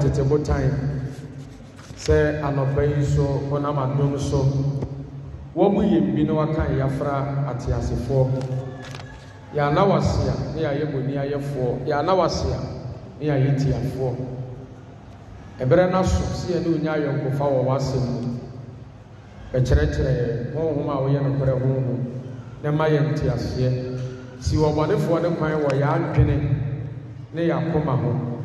tete botan sɛ anɔpa yi so ɔnam adom so wɔn mu yɛ bi na waka yafra ateasefoɔ yɛana wasia ne yɛayɛ boni ayɛfoɔ yɛana wasia ne yɛayɛ tiafoɔ ɛbɛrɛ n'aso si yɛ ne onya ayɔnkofa wɔ w'asɛm mu ɛkyerɛkyerɛ honhom a wɔyɛ nokorɛ honhom ne ma yɛ nteaseɛ si wɔ bɔnefoɔ ne kwan wɔ yɛ adwene ne yɛ akoma ho.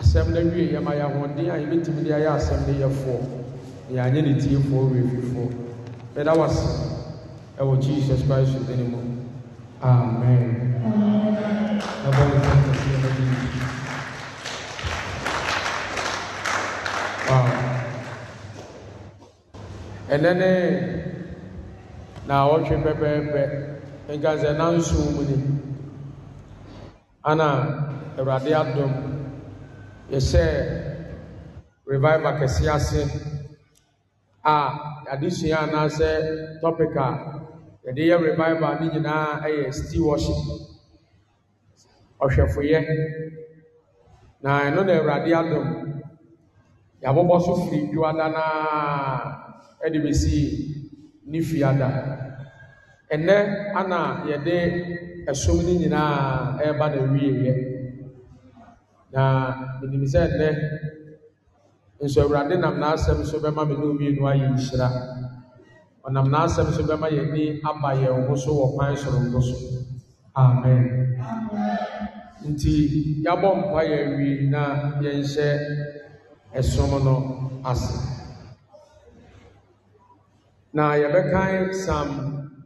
asɛm no awie yɛma yɛ ahoɔden a yɛbɛtumi de ayɛ asɛm no yɛfoɔ na yɛanyɛ ne tiefoɔ refifoɔ bɛda wase ɛwɔ jesus christ din mu amen ɛnɛ ne eh, na wɔtwe pɛpɛɛpɛ nka sɛ mu ni ana awurade adom yɛhyɛ revival kɛseɛ ase a adesua anaasɛ topic a yɛde yɛ revival ne nyinaa yɛ still worship ɔhwɛfoyɛ na ɛno na awurade adom yɛabobɔ so firi dwoada no a de bɛsii ne fiada ɛnnɛ ana yɛde ɛsom no nyinaa ɛreba na wieeɛ na ndị sɛ nnɛ nso awurade nam n'asem so bɛma me ne omienu ayɛ nhyira ɔnam n'asɛm so bɛma yɛn ni aba yɛn ho so wɔ kwan soronko so amen nti yɛabɔ mpa yɛn wie na yɛnhyɛ ɛsom no ase na yɛbɛkan psalm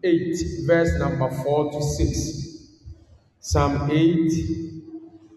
eight verse number to 6 psalm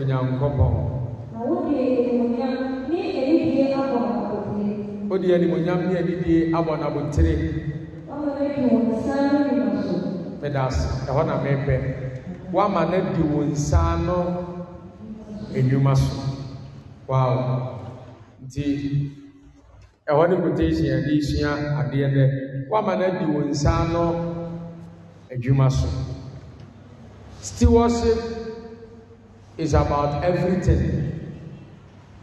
onyankopɔn wode animonyam ne adidie abɔ no abotire meda ase ɛhɔ na mepɛ woama no di wo nsa no adwuma so wow nti ɛhɔ ne quotation yɛde sua adeɛ dɛ woama no adi wo nsa no adwuma so stewardship is about everything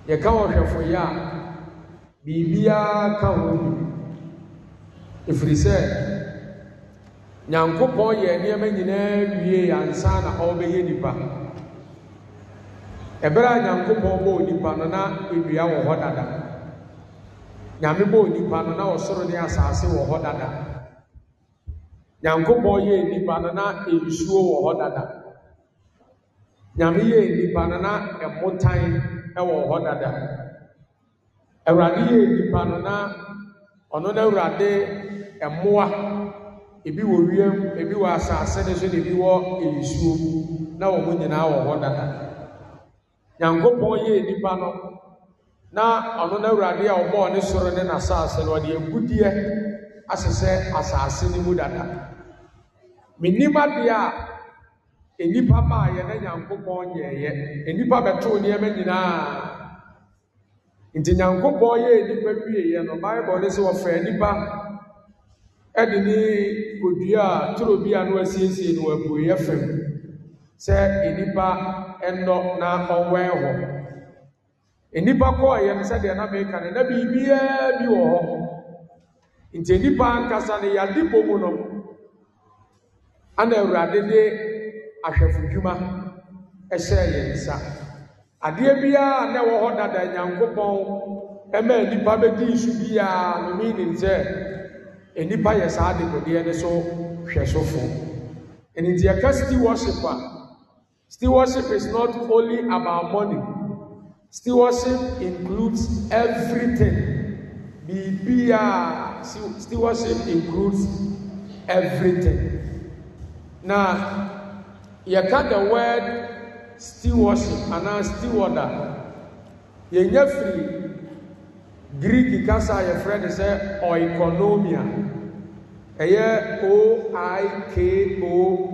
yɛka ɔhwɛfoyɛ a biribiara ka ho bi ɛfiri sɛ nyankopɔn yɛ nneɛma nyinaa wie ansa na ɔrebɛyɛ nipa ɛberɛ a nyankopɔn bɔɔ nipa no na ewia wɔ hɔ dada nyame bɔɔ nipa no na ɔsoro ne asase wɔ hɔ dada nyankopɔn yɛɛ nipa no na nsuo wɔ hɔ dada nyame yɛɛ nnipa no na ɛmotan ɛwɔ hɔ dada awurade yɛɛ nnipa no na ɔno no awurade ɛmmoa ebi wɔ wiem ebi wɔ asase no so na ebi wɔ nsuo na wɔn nyinaa wɔ hɔ dada nyankopɔn yɛɛ nnipa no na ɔno no awurade a ɔbɔɔ ne soro ne n'asase no ɔde agudeɛ asesɛ asase no mu dada menim a Nnipa e enipa maayɛ na nyankopɔn yɛɛyɛ nnipa e bɛtoo nneɛma nyinaa nti nyankopɔn yɛ nnipa wieɛ no baibul ne sɛ wɔfɛ nipa ɛde ne odua a toro bi a no asiesie no apueɛ fam sɛ nnipa ɛnɔ na ɔwɛn hɔ enipa kɔɔyɛ no sɛdeɛ na meka no na biribiara bi wɔ hɔ nti nnipa ankasa no yɛade bɔ mu no ana awurade de ahwɛfodwuma ɛhyɛɛ yɛn nsa adeɛ biara na ɛwɔ hɔ dada nyankopɔn ɛma nnipa bɛdi nsu biara no meaning sɛ nnipa yɛ saa adekodeɛ no so hwɛsofo ɛne nti yɛka worship a stewardship is not only about money Still worship includes everything biribiara worship includes everything na yɛka the word stewardship anaa stewarder yɛnya firi greek kasa a yɛfrɛ ne sɛ oikonomia ɛyɛ o i k o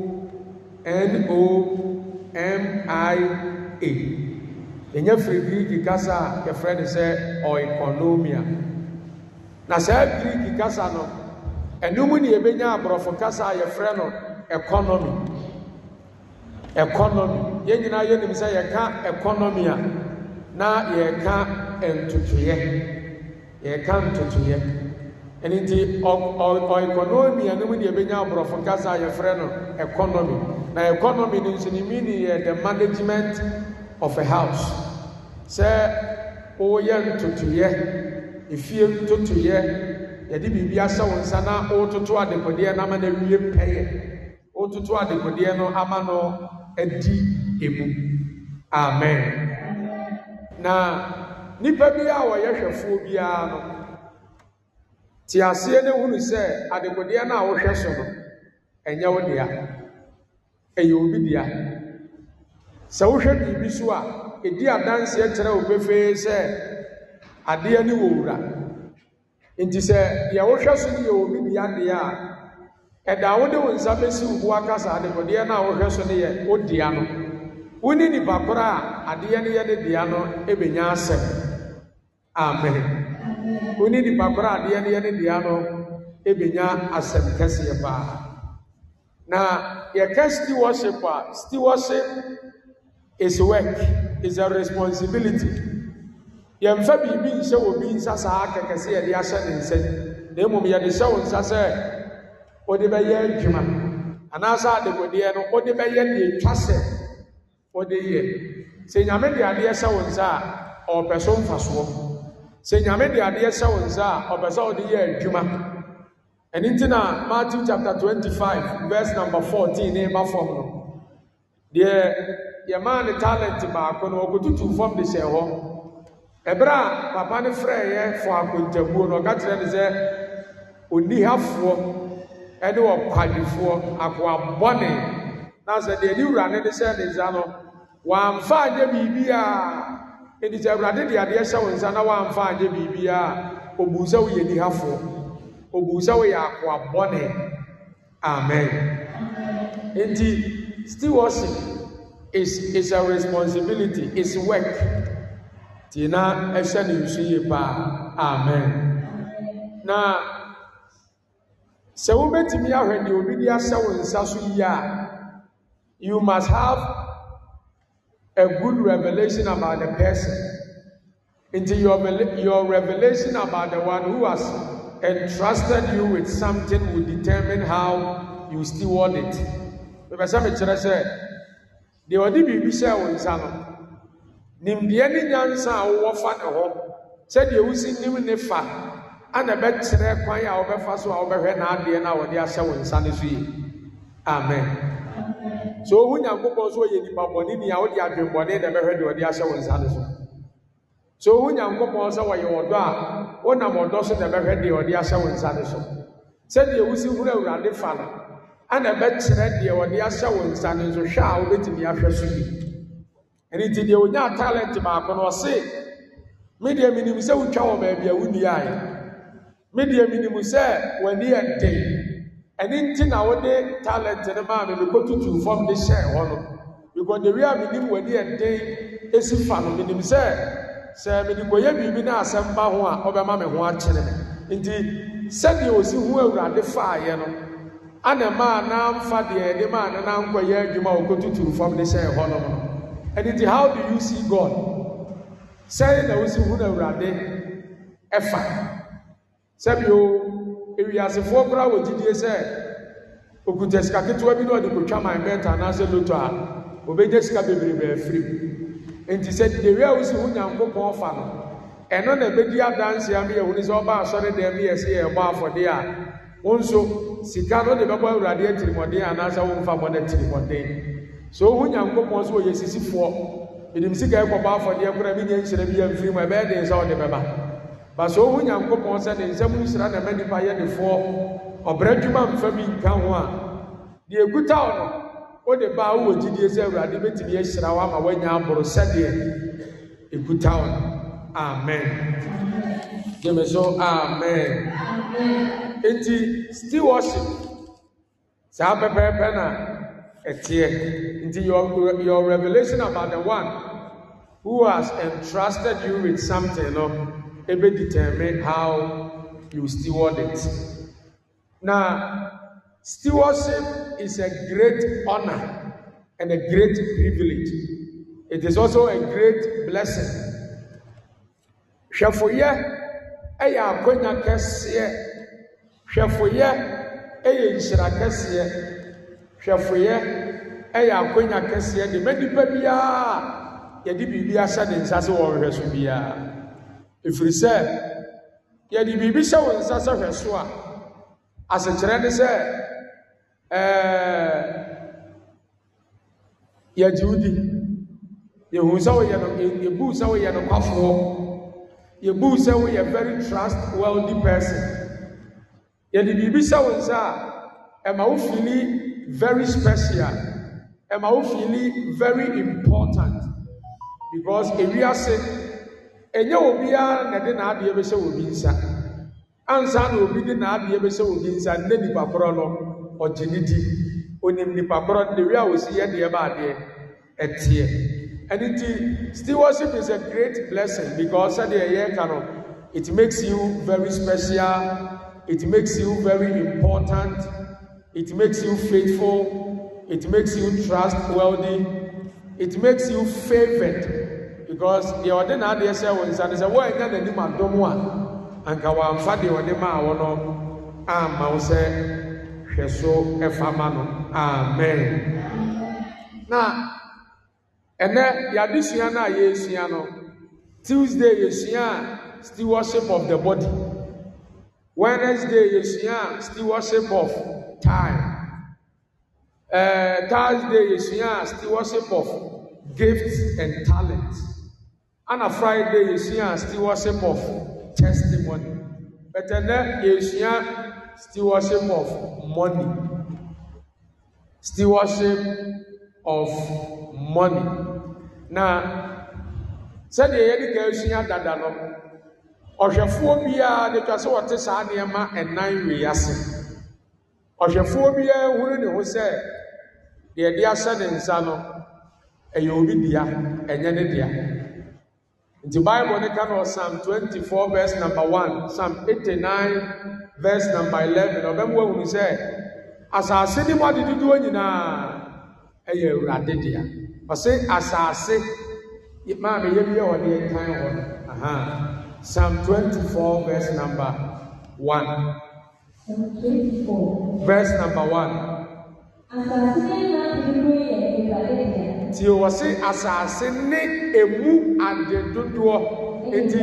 n o m i a yɛnya firi greek kasa a yɛfrɛ ne sɛ oikonomia na saa greek kasa no ɛnum ne yɛbɛnya aborɔfo kasa a yɛfrɛ no economy economy yɛn nyinaa yɛnim sɛ yɛka economy a na yɛka ntotoeɛ yɛka ntotoeɛ ɛno nti ɔeconomy a no mu deɛ ɛbɛnya aborɔfo nkasa yɛfrɛ no economy na economy ni nso ne meaning yɛ the management of a house sɛ woyɛ ntotoeɛ efie ntotoeɛ yɛde biribi ahyɛ wo nsa na wototo adekodeɛ no ama no awie pɛyɛ wototo adekodeɛ no ama no adi emu amen na nnipa bi a wɔyɛ hwɛfoɔ biara no te aseɛ no hunu sɛ adekodeɛ no a wohwɛ so no ɛnyɛ wo dea ɛyɛ obi dea sɛ wohwɛ biribi so a ɛdi adanseɛ kyerɛ wo pefee sɛ adeɛ ne wɔ wura nti sɛ deɛ wohwɛ so no yɛ obi dea deɛ a ɛda wode wo nsa bɛsi wo bo aka saa adekodeɛ no a wohwɛ so no yɛ wodea no wo nipa korɔ a adeɛ no yɛ ne dea no ɛbɛnya asɛm amen wo ne nipa korɔ a adeɛ no yɛ ne dea no ɛbɛnya asɛm kɛseɛ paa na yɛka stewardship a stewardship is work is a responsibility yɛmfa biribi nhyɛ wɔ bi nsa saa kɛkɛ sɛ yɛde ahyɛ ne nsa na mmom yɛde hyɛ wo nsa sɛ wode bɛyɛ adwuma anaasɛ adegodeɛ no wode bɛyɛ deɛ twa sɛ wode yɛ sɛ nyame de adeɛ sɛ wo nsa a ɔpɛ so mfasoɔ sɛ nyame de adeɛ sɛ wo nsa a ɔpɛ sɛ wode yɛ adwuma ɛno nti na matthew chapter 25 verse number 14 ne ba fam no deɛ yɛmaa ne talent baako no ɔkɔtutu fam de hyɛ hɔ ɛberɛ a papa ne frɛeɛ fɔ akontabuo no ɔka kyerɛ ne sɛ onihafoɔ ɛne ɔkwadefoɔ akoabɔne na sɛ deɛ ne wura ne de hyɛ ne nsa no wamfa anyɛ biribi a ɛdi sɛ awurade de adeɛ hyɛ wo nsa na wamfa anyɛ biribi a ɔbuu sɛ woyɛ nihafoɔ ɔbuu sɛ woyɛ akoabɔne amen nti stewardship is is a responsibility is work Tina na ɛhyɛ ne nsu yie paa amen na sɛ wobɛtumi ahwɛ deɛ obi de ahyɛ wo nsa so yie a you must have a good revelation about the person nti your your revelation about the one who has entrusted you with something will determine how you still want it bɛbɛ sɛ mekyerɛ sɛ deɛ ɔde biribi hyɛ wo nsa no nimdeɛ ne nyansa a wowɔ fa ne hɔ sɛdeɛ wosi nim ne fa ana ɛbɛkyerɛ kwan a wɔbɛfa so a wɔbɛhwɛ n'adeɛ no a wɔde ahyɛ wo nsa no so yi amen so ohun nyankopɔn nso yɛ nipa bɔne ni a wɔde adwembɔne na ɛbɛhwɛ deɛ wɔde ahyɛ wo nsa no so so ohun nyankopɔn sɛ wɔyɛ ɔdɔ a wɔnam ɔdɔ so na ɛbɛhwɛ deɛ wɔde ahyɛ wo nsa no so sɛdeɛ wusi huru awurade fa no ana ɛbɛkyerɛ deɛ wɔde ahyɛ wo nsa no so hwɛ a wɔbɛtumi ahwɛ so bi ɛni ti deɛ onya talent baako no ɔse me deɛ minim sɛ wotwa wɔ baabi a wunni ayɛ media deɛ menim sɛ w'ani yɛ den ɛne nti na wode talent no maa me mekɔtutu fam de hyɛɛ hɔ no because the way a menim w'ani yɛ den ɛsi fa no menim sɛ sɛ mede kɔyɛ biribi na asɛm ba ho a ɔbɛma me ho akyere me nti sɛdeɛ ɔsi ho awurade faayɛ no ana maa namfa deɛ ɛde maa ne nankɔyɛ adwuma a tutu fam de hyɛɛ hɔ no no ɛne nti how do you see god sɛne na wosi hu no awurade ɛfa sɛbio ewiasefoɔ koraa wɔ gyidie sɛ okuta sika ketewa bi na ɔde kotwa man bɛnta anaasɛ loto a obɛgye sika bebrebe afiri mu nti sɛ dewi a wosi ho nyankopɔn fa no ɛno na ɛbɛdi adanse a meyɛ woni sɛ ɔba asɔre dɛm meyɛ sɛ yɛbɔ afɔdeɛ a wo nso sika no de bɛbɔ awurade atirimɔden anaasɛ womfa bɔ no atirimɔden sɛ wohu nyankopɔn sɛ ɔyɛ sisifoɔ menim sika ɛkɔbɔ afɔdeɛ koraa menya nhyerɛ bi amfiri mu ɛbɛyɛ den sɛ wode bɛba ba sɛ ohu nyankopɔn sɛ ne nsɛm nsira na ɛma nnipa yɛ defoɔ ɔbrɛ adwuma mfa bi nka ho a deɛ ɛkuta wo no wode baa wowɔ gyidie sɛ awurade bɛtumi ahyira wo ama woanya aboro sɛdeɛ ɛkuta wo no amen gyeme so amen enti stewardship saa pɛpɛɛpɛ na ɛteɛ nti your, your revelation about the one who has entrusted you with something no ebe determine how you steward it. Now, stewardship is a great honor and a great privilege. It is also a great blessing. Hwɛfoyɛ yɛ akonnwa kɛseɛ. Hwɛfoyɛ yɛ nhyira kɛseɛ. Hwɛfoyɛ yɛ akonnwa kɛseɛ de ma nipa biara yɛde biribi ahyɛ ne nsa so wɔ nhwɛso biara ɛfiri sɛ yɛde biribi hyɛ wo nsa sɛ hwɛ so a asekyerɛ ne sɛ yɛgye wo di yɛhu sɛ woyɛ no yɛbuu sɛ woyɛ nokwafoɔ yɛbuu sɛ woyɛ very trust wealthy person yɛde biribi hyɛ wo nsa a ɛma wo fili very special ɛma wo fili very important because ewiase ɛnyɛ obiara na ɛde n'adeɛ bɛhyɛ obi nsa ansa na obi de n'adeɛ bɛhyɛ obi nsa ne nipa korɔ no ɔgye ne ti onim nipa korɔ de wia osi yɛ deɛ ba adeɛ ɛteɛ ɛne ti stewardship is a great blessing because sɛdeɛ ɛyɛ ka no it makes you very special it makes you very important it makes you faithful it makes you trust trustworthy it makes you favoured because deɛ ɔde n'adeɛ hyɛ wɔn nsa no sɛ wɔanya n'anim adom a anka wɔamfa deɛ ɔde maa wɔn no ama wo sɛ hwɛ so ɛfa ma no amen na ɛnɛ yɛadesua no a yɛresua no tuesday yɛsua a worship of the body wednesday yɛsua a worship of time uh, thursday yɛsua still worship of gifts and talents ana friday yɛsua stewardship of testimony but ɛnɛ yɛsua stewardship of money stewardship of money na sɛdeɛ yɛde ka asua dada no ɔhwɛfoɔ biara de twa sɛ wɔte saa nneɛma ɛnan wei ase ɔhwɛfoɔ biara hunu ne ho sɛ deɛ ɛde ahyɛ ne nsa no ɛyɛ obi dea ɛnyɛ ne dea nti bible ne ka no psalm twenty four verse number one psalm eighty nine verse number eleven ɔbɛn mu ehunu sɛ asaase ne mu adi dodoɔ nyinaa ɛyɛ awurade dea ɔsi asaase maame yɛ bi a ɔde ɛkan wɔ no aha psalm twenty four verse number one verse number one. tí wọ́n sẹ́ asase ne emu ade dodoɔ eti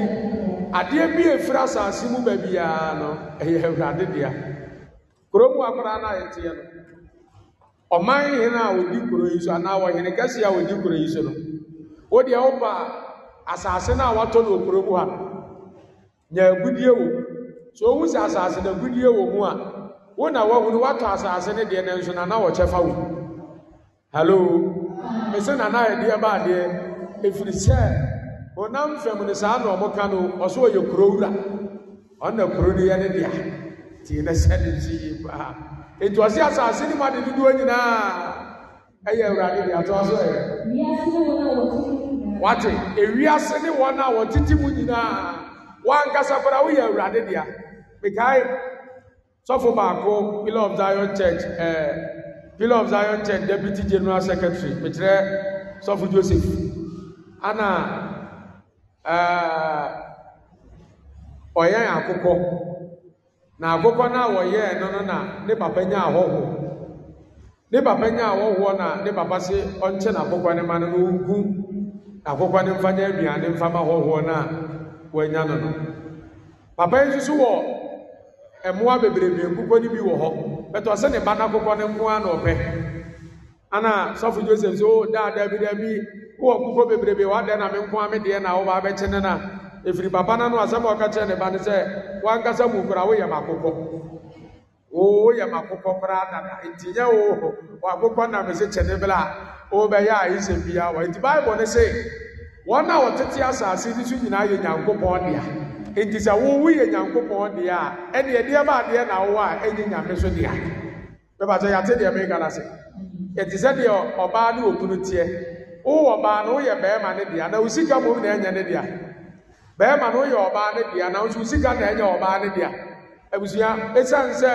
adeɛ bi efiri asase mu baabi yaa no ɛyɛ awurade dea kurom akwadaa no a yɛteɛ no ɔman hene a odi kuro yi so anaa ɔhene kɛse a odi kuro yi so no wodeɛ woba asase no watɔ no wɔ ha nya agudie so ohun sɛ asase agudie mu a. wo na woahunu w'atọ asase ne deɛ nanso nana wɔkyɛ fa wo hallo me sɛ nana yɛdeɛ baadeɛ ɛfiri sɛ honam fam no saa na ɔmoka no ɔsɛ ɔyɛ kurowura ɔnna kuro no yɛ ne dea nti ne sɛ ne nsi yi paa nti ɔse asase ne mu ade dodoɔ nyinaa ɛyɛ awurade de atoa so ɛ wate ewiase ne wɔn a wɔtete mu nyinaa wɔn ankasa koraa woyɛ awurade dea mekae sọfọ baako pillar of zion church ɛɛ eh, pillar of zion church deputy general secretary mekyerɛ sọfọ joseph ana ɛɛ ɔyɛn akokɔ na eh, akokɔ na wɔyɛn no no na ne papa nya ahɔho ne papa nye ahɔhoɔ na ne papa se ɔnkyɛ n'akokɔ ne ma no na ogu n'akokɔ ne mfa nya aduane mfa ma ahɔhoɔ na wɔanya no no papa yi nso so mmoa bebrebe nkukɔ n'i bi wɔ hɔ bɛtɛ ɔsɛ ne ba no akokɔ ne nko a na ɔpɛ ana sɔfo joseph sɛ o oh, daa bi daa bi wowɔ nkukɔ bebrebe wadɛ na me nko a me deɛ na wobaa bɛkye ne na ɛfiri papa no no asɛm a ɔka kyerɛ ne ba no sɛ wankasa mu kora woyɛ makokɔ oo yɛ makokɔ koraa nana nti nyɛ wo wakokɔ nam sɛ kyɛ ne bela a wobɛyɛ a ɛsɛ biara wɔ nti bible ne se wɔn a wɔtete asase no so nyinaa yɛ nyankopɔn dea enti sɛ wowo yɛ nyankopɔn deɛ a a ɛnyɛ nyame so dea bɛba sɛ yɛate deɛ meka no se ɛte sɛ deɛ ɔbaa ne ɔkunu teɛ wowɔ ɔbaa no woyɛ bɛrima ne dea na wo mmom na ɛnyɛ ne dea bɛrima no woyɛ ɔbaa ne dea na nso na ɛnyɛ ɔbaa ne dea abusua ɛsiane sɛ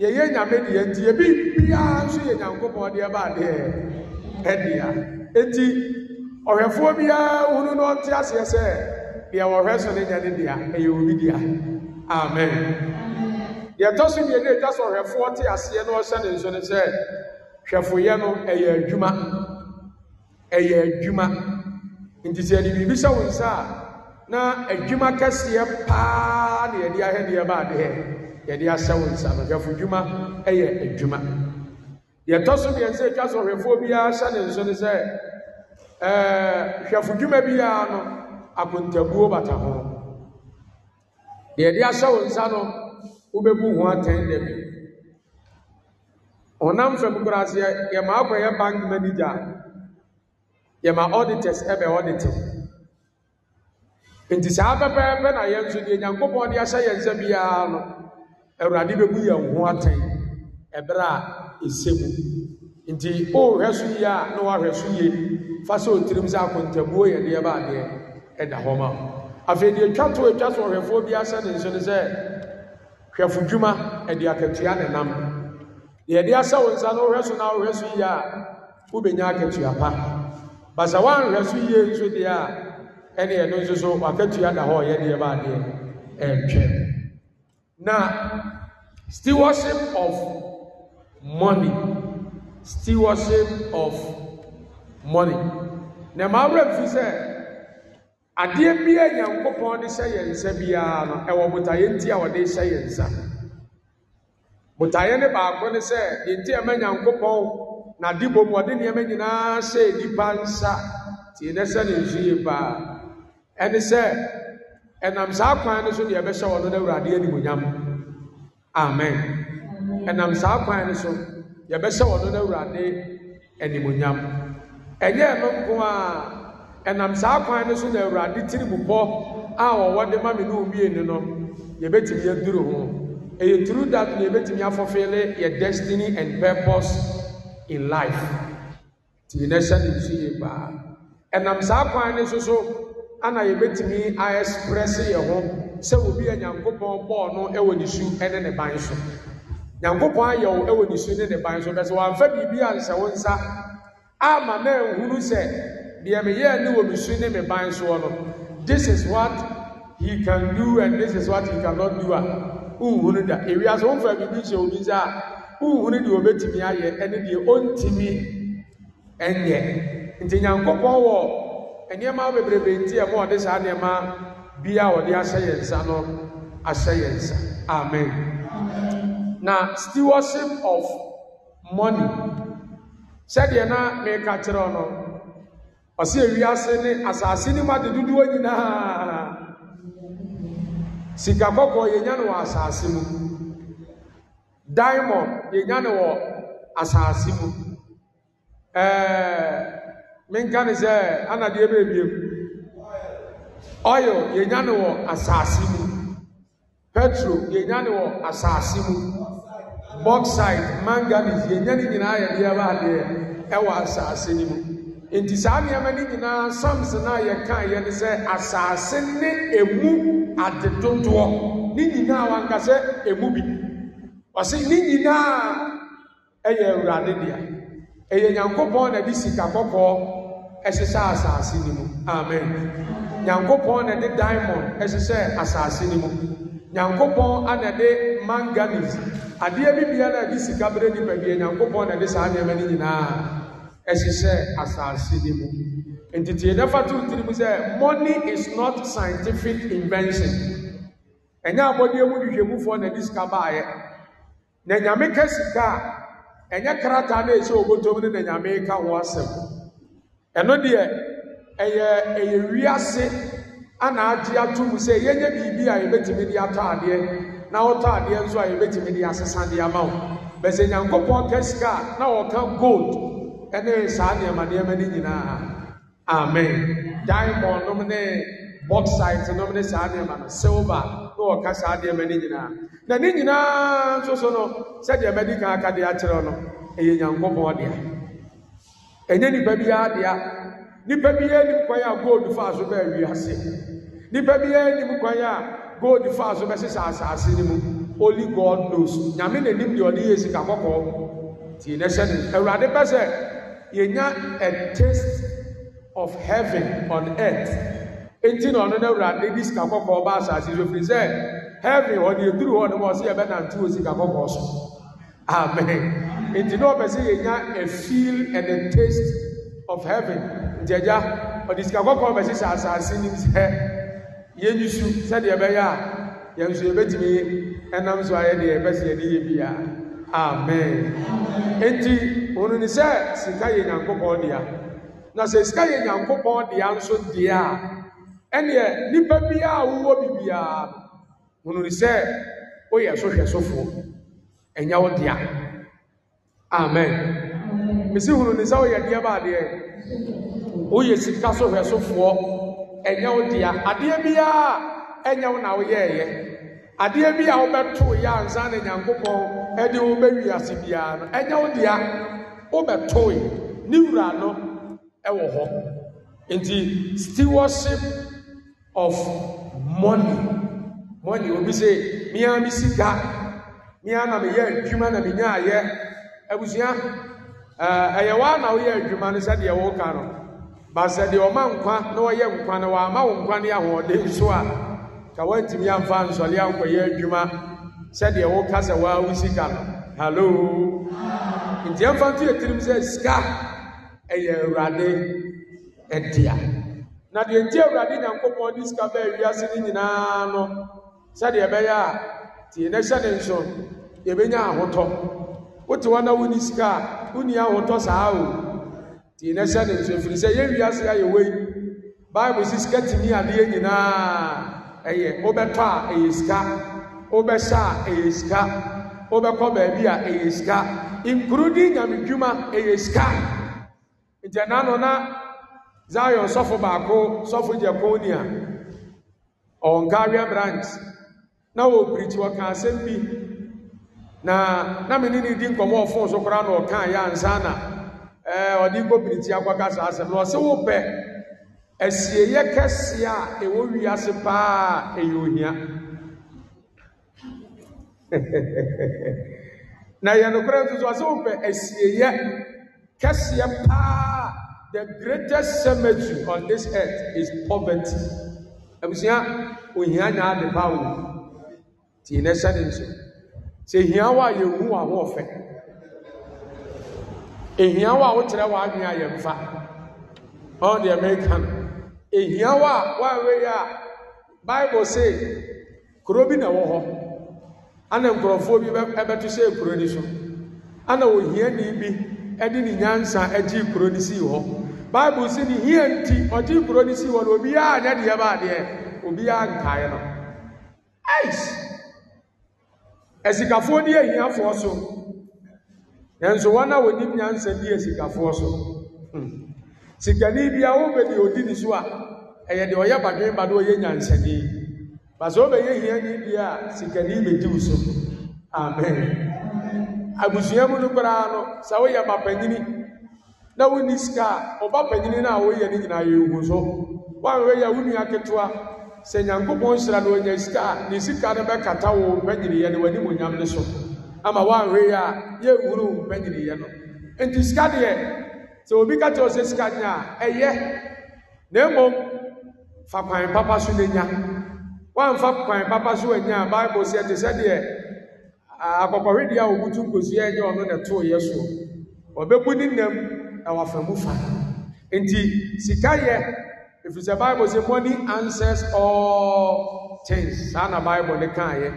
yɛyɛ nyame deɛ nti ebi biara nso yɛ nyankopɔn deɛ ɛdea ɔhwɛfoɔ biara ɔnte aseɛ deɛ wɔhwɛ so ne nyɛ ne dea ɛyɛ obi dea amen deɛ ɛtɔ so mmienu ɛtwa so ɔhwɛfoɔ te aseɛ na ɔhyɛ ne nso ne sɛ hwɛfoyɛ no ɛyɛ adwuma ɛyɛ adwuma nti sɛ ɛde biribi sɛ wo nsa a na adwuma kɛseɛ paa na yɛde ahɛ deɛ baa deɛ yɛde ahyɛ wo nsa no hwɛfodwuma ɛyɛ adwuma deɛ ɛtɔ so mmiɛnsa ɛtwa so ɔhwɛfoɔ biara hyɛ ne nso ne sɛ ɛɛ hwɛfodwuma biara no akontabuo bata ho deɛ ɛde ahyɛ wo nsa no wobɛbu ho atɛn dɛ bi ɔnam fam koraa sɛ yɛma akɔyɛ bank manager yɛma auditors ɛbɛ audite nti saa pɛpɛɛpɛ na yɛn nso deɛ nyankopɔn de ahyɛ yɛn nsa biara no awurade bɛbu yɛn ho atɛn ɛberɛ a ɛsɛ mu nti wohwɛ so yie a na woahwɛ so yie fa sɛ ɔtirim sɛ akontabuo yɛ deɛ baadeɛ ɛda hɔ ma afei deɛ twa to atwa so ɔhwɛfoɔ bi ahyɛ ne nso ne sɛ hwɛfodwuma ɛde akatua ne nam deɛ ɛde ahyɛ wo nsa no wohwɛ so na wohwɛ so yie a wobɛnya akatua pa basa woanhwɛ so yie nso deɛ a ɛne ɛno nso so wakatua da hɔ ɔyɛ deɛ ba adeɛ ɛntwɛ na stewardship of money stewardship of money na maa wura fi sɛ adeɛ bia nyankopɔn de hyɛ yɛn nsa biara no ɛwɔ botaeɛ nti a wɔde hyɛ yɛn nsa botaeɛ ne baako ne sɛ yɛnti ɛma nyankopɔn na de bom wɔde nneɛma nyinaa hyɛ nipa nsa tie ne sɛ ne nsu yie paa ɛne sɛ ɛnam saa kwan no so deɛ ɛbɛhyɛ wɔn no awurade animonyam amen ɛnam saa kwan no so yɛbɛhyɛ wɔn no awurade animonyam ɛnyɛ ɛno nko ara ɛnam saa kwan no so na awurade tiri mu bɔ a ɔwɔ de ma mi ne omienu no yɛbɛtumi aduru ho ɛyɛ through that na yɛbɛtumi afɔfɛle yɛ destiny and purpose in life tìmí na ɛhyɛ ne nsu yie paa ɛnam saa kwan no so so ana yɛbɛtumi ayɛsprɛse yɛ ho sɛ obi a nyankopɔn bɔɔl no ɛwɔ ne su ɛne ne ban so nyankopɔn ayɛ wo ɛwɔ ne su ne ne ban so bɛsɛ wɔamfa biribi anhyɛ wo nsa ama na ehunu sɛ deɛ meyɛɛ ne wɔ me su ne me ban soɔ no this is what he can do and this is what he cannot do a wohunu da ewiase womfa biribi hyɛ obi sɛ a wohunu deɛ ɔbɛtumi ayɛ ɛne deɛ ɔntumi ɛnyɛ nti nyankopɔn wɔ nneɛma bebrebe nti ɛmo ɔde saa nneɛma bi a ɔde ahyɛ yɛn nsa no ahyɛ yɛn nsa amen na stewardship of money sɛdeɛ na meka kyerɛ no ɔsɛ ase ne asase ne mu ade nyinaa sika kɔkɔɔ yɛnya no wɔ asase mu diamond yɛnya no wɔ asase mu ɛɛ menka ne sɛ anadeɛ ebien, oil yɛnya no wɔ asase mu petro yɛnya no wɔ asase mu bauxite manganese yɛnya ne nyinaa yɛde ɛba adeɛ ɛwɔ asase ne mu. nti saa nneɛma no nyinaa sams no a yɛkaeɛ ne sɛ asase ne emu adedodoɔ ne nyinaa wanka sɛ emu bi ɔse ne nyinaa ɛyɛ awurade dea ɛyɛ nyankopɔn na de sika kɔkɔɔ ɛhyehyɛ asase no mu amen nyankopɔn na de diamond ɛhyehyɛ asase no mu nyankopɔn ana de manganese adeɛ bi biara a de sika berɛ nipa bia nyankopɔn na de saa nneɛma no nyinaa ɛhyehyɛ asaase ni mu ntitie dafa to ntiri mu sɛ money is not scientific invention ɛnyɛ abɔdeɛ mu hwehwɛmufoɔ na ɛde sika baayɛ na nyame ka sika a ɛnyɛ krataa na ɛhyɛ obotom no na nyame ka ho asɛm ɛno deɛ ɛyɛ ɛyɛ wiase ana agye ato mu sɛ yɛnyɛ biribi a yɛbɛtumi de atɔ adeɛ na wɔtɔ adeɛ nso a yɛbɛtumi de asesa deɛ ama wo bɛsɛ nyankopɔn ka sika a na ɔka gold ne saa nneɛma nneɛma ne nyinaa amen diamond nom ne bauxite nom ne saa nneɛma no silver na wɔka saa nneɛma ne nyinaa na ne nyinaa nso so no sɛdeɛ bɛdi kan aka de akyerɛ no ɛyɛ nyankopɔn dea ɛnyɛ nipa biara dea nipa biara nim kwan a gold faa so bɛɛ wiase nipa biara nim kwan a gold faa so bɛsesa asase no mu only god knows nyame na nim deɛ ɔde yɛ sika kɔkɔɔ tie ne hyɛ ne awurade pɛ sɛ yɛnya a taste of heaven on earth eti na ɔno na awurade di sika kɔkɔɔ ba asase so firi sɛ heaven hɔ deɛ duru hɔ no ma ɔsɛ yɛbɛnante wɔ sika kɔkɔɔ so amen eti na ɔbɛ sɛ yɛnya a feel and a taste of heaven ngyagya ɔde sika kɔkɔɔ bɛ sisa asase nim sɛ yɛnyi su sɛdeɛ ɛbɛyɛ a yɛn nso yɛbɛtumi ɛnam so ayɛ deɛ ɛbɛsɛ yɛde yɛ biara. amen eti ɔno ne sɛ sika yɛ nyankopɔn dea na sɛ sika yɛ nyankopɔn dea nso deɛ a ɛneɛ nnipa biaa wowɔ bibiaa ɔno ne sɛ woyɛ sohwɛsofoɔ ɛnyɛ amen sika adeɛ na adeɛ ansa ne ɛde wo bɛwi ase biara no ɛnyɛ wo dea wobɛtoe ne wura no ɛwɔ hɔ nti stewardship of money money obi sɛ mia bi mi sika mia na meyɛ adwuma na menyaayɛ abusua ɛyɛ waa na woyɛ adwuma no sɛdeɛ woka no ba sɛ deɛ ɔma nkwa na wɔyɛ nkwa no wɔama wo nkwa ne ahoɔden so a ka woantumi amfa nsɔle ankɔyɛ adwuma sɛdeɛ woka sɛ waa wo sika no hallo nti ɛmfa nto yɛtirim sɛ sika ɛyɛ awurade ɛdea na deɛ nti awurade nyankopɔn de sika bɛɛ wiase no nyinaa no sɛdeɛ ɛbɛyɛ a tie na hyɛ ne nso yɛbɛnya ahotɔ wote hɔ na wo sika a wonni ahotɔ saa o tie na hyɛ ne nso ɛfiri sɛ yɛn wiase ayɛwɔ yi bible si sika tumi adeɛ nyinaa ɛyɛ wobɛtɔ a ɛyɛ sika wobɛhyɛ a ɛyɛ sika wobɛkɔ baabi a ɛyɛ sika nkurudi nyamedwuma ɛyɛ sika nti ɛna no na zion sɔfo baako sɔfo gyakoni a ɔnkaawea branch na wɔpirikyi wɔka asɛm bi na na mene ne di nkɔmmɔ ɔfo so koraa na ɔka yɛ ansa na ɔde nkɔpirikyi akɔka saa asɛm na ɔse wopɛ asieyɛ kɛseɛ a ɛwɔ wiase paa ɛyɛ ohia na yɛn nokorɛ nso so wɔn pɛ asieyɛ kɛseɛ paa the greatest cemetery on this earth is poverty abusua ohia na de ba wo tie na ɛhyɛ ne nso sɛ ehia wo a yɛn hu wɔ ahoɔfɛ ehia wo a wokyerɛ wɔ anwea yɛn fa ɔn deɛ mɛka no ehia wo a wɔawe yɛ a bible say kuro bi na ɛwɔ hɔ ana nkurɔfoɔ bi bɛto hyɛ kuro ni so ana ohiani bi de ne nyansa agye kuro ni sii hɔ bible si ne hia nti ɔgye kuro ni sii hɔ no obiara nyɛ deɛ baadeɛ obiara nkaeɛ no ais asikafoɔ di ahiafoɔ so nanso wɔn a wɔnim nyansa di asikafoɔ so hmm. sikani bi a wɔn bɛ deɛ odi ni so a ɛyɛ deɛ ɔyɛ badwemba na ɔyɛ nyansani ba sɛ wobɛyɛ hiani deɛ a sikani bɛdi wo so amen abusua mu no koraa no sɛ woyɛ bapanyini na wonni sika a ɔba panyini no a woyɛ no nyinaa yɛwu so woawɛyɛ wo nua ketewa sɛ nyankopɔn hyira no ɔnya sika a ne sika no bɛkata wo mpanyiniyɛ no w'anim onyam no so ama woanhwɛ yɛ a yɛnwuru wo mpanyiniyɛ fa kwan papa so n'anya wɔamfa kwan papa so anya a bible sɛ te sɛ deɛ akɔkɔhwedeɛ a wɔbutu nkosua ɛnyɛ ɔno na ɛtooyɛ soɔ ɔbɛbu ne nam na wafa mu fa nti sika yɛ ɛfiri sɛ bible sɛ money answers all things saa na bible ne kaeɛ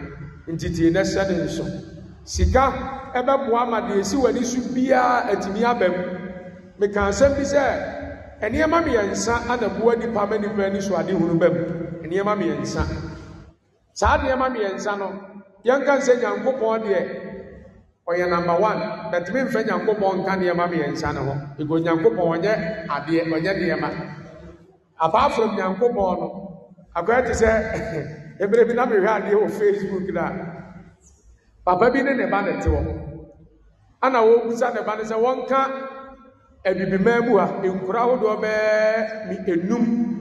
nti tie nɛ hyɛ ne nso sika ɛbɛboa ma deɛ ɛsi w'ani so biara atumi aba mu meka asɛm bi sɛ ɛnneɛma mmiɛnsa anaboa nipa ma nipa ani so ade hunu ba mu nneɛma mmiɛnsa saa nneɛma mmiɛnsa no yɛnka nsɛ nyankopɔn deɛ ɔyɛ namba one bɛtumi mfɛ nyankopɔn nka nneɛma mmiɛnsa no ho ego nyankopɔn ɔnyɛ adeɛ ɔnyɛ nneɛma apart from nyankopɔn no akɔyɛ te sɛ ebere bi na mehwɛ adeɛ wɔ facebook na papa bi ne ne ba ne te hɔ ana wɔbusa ne ba ne sɛ wɔnka abibimaa mu a nkura ahodoɔ bɛɛ enum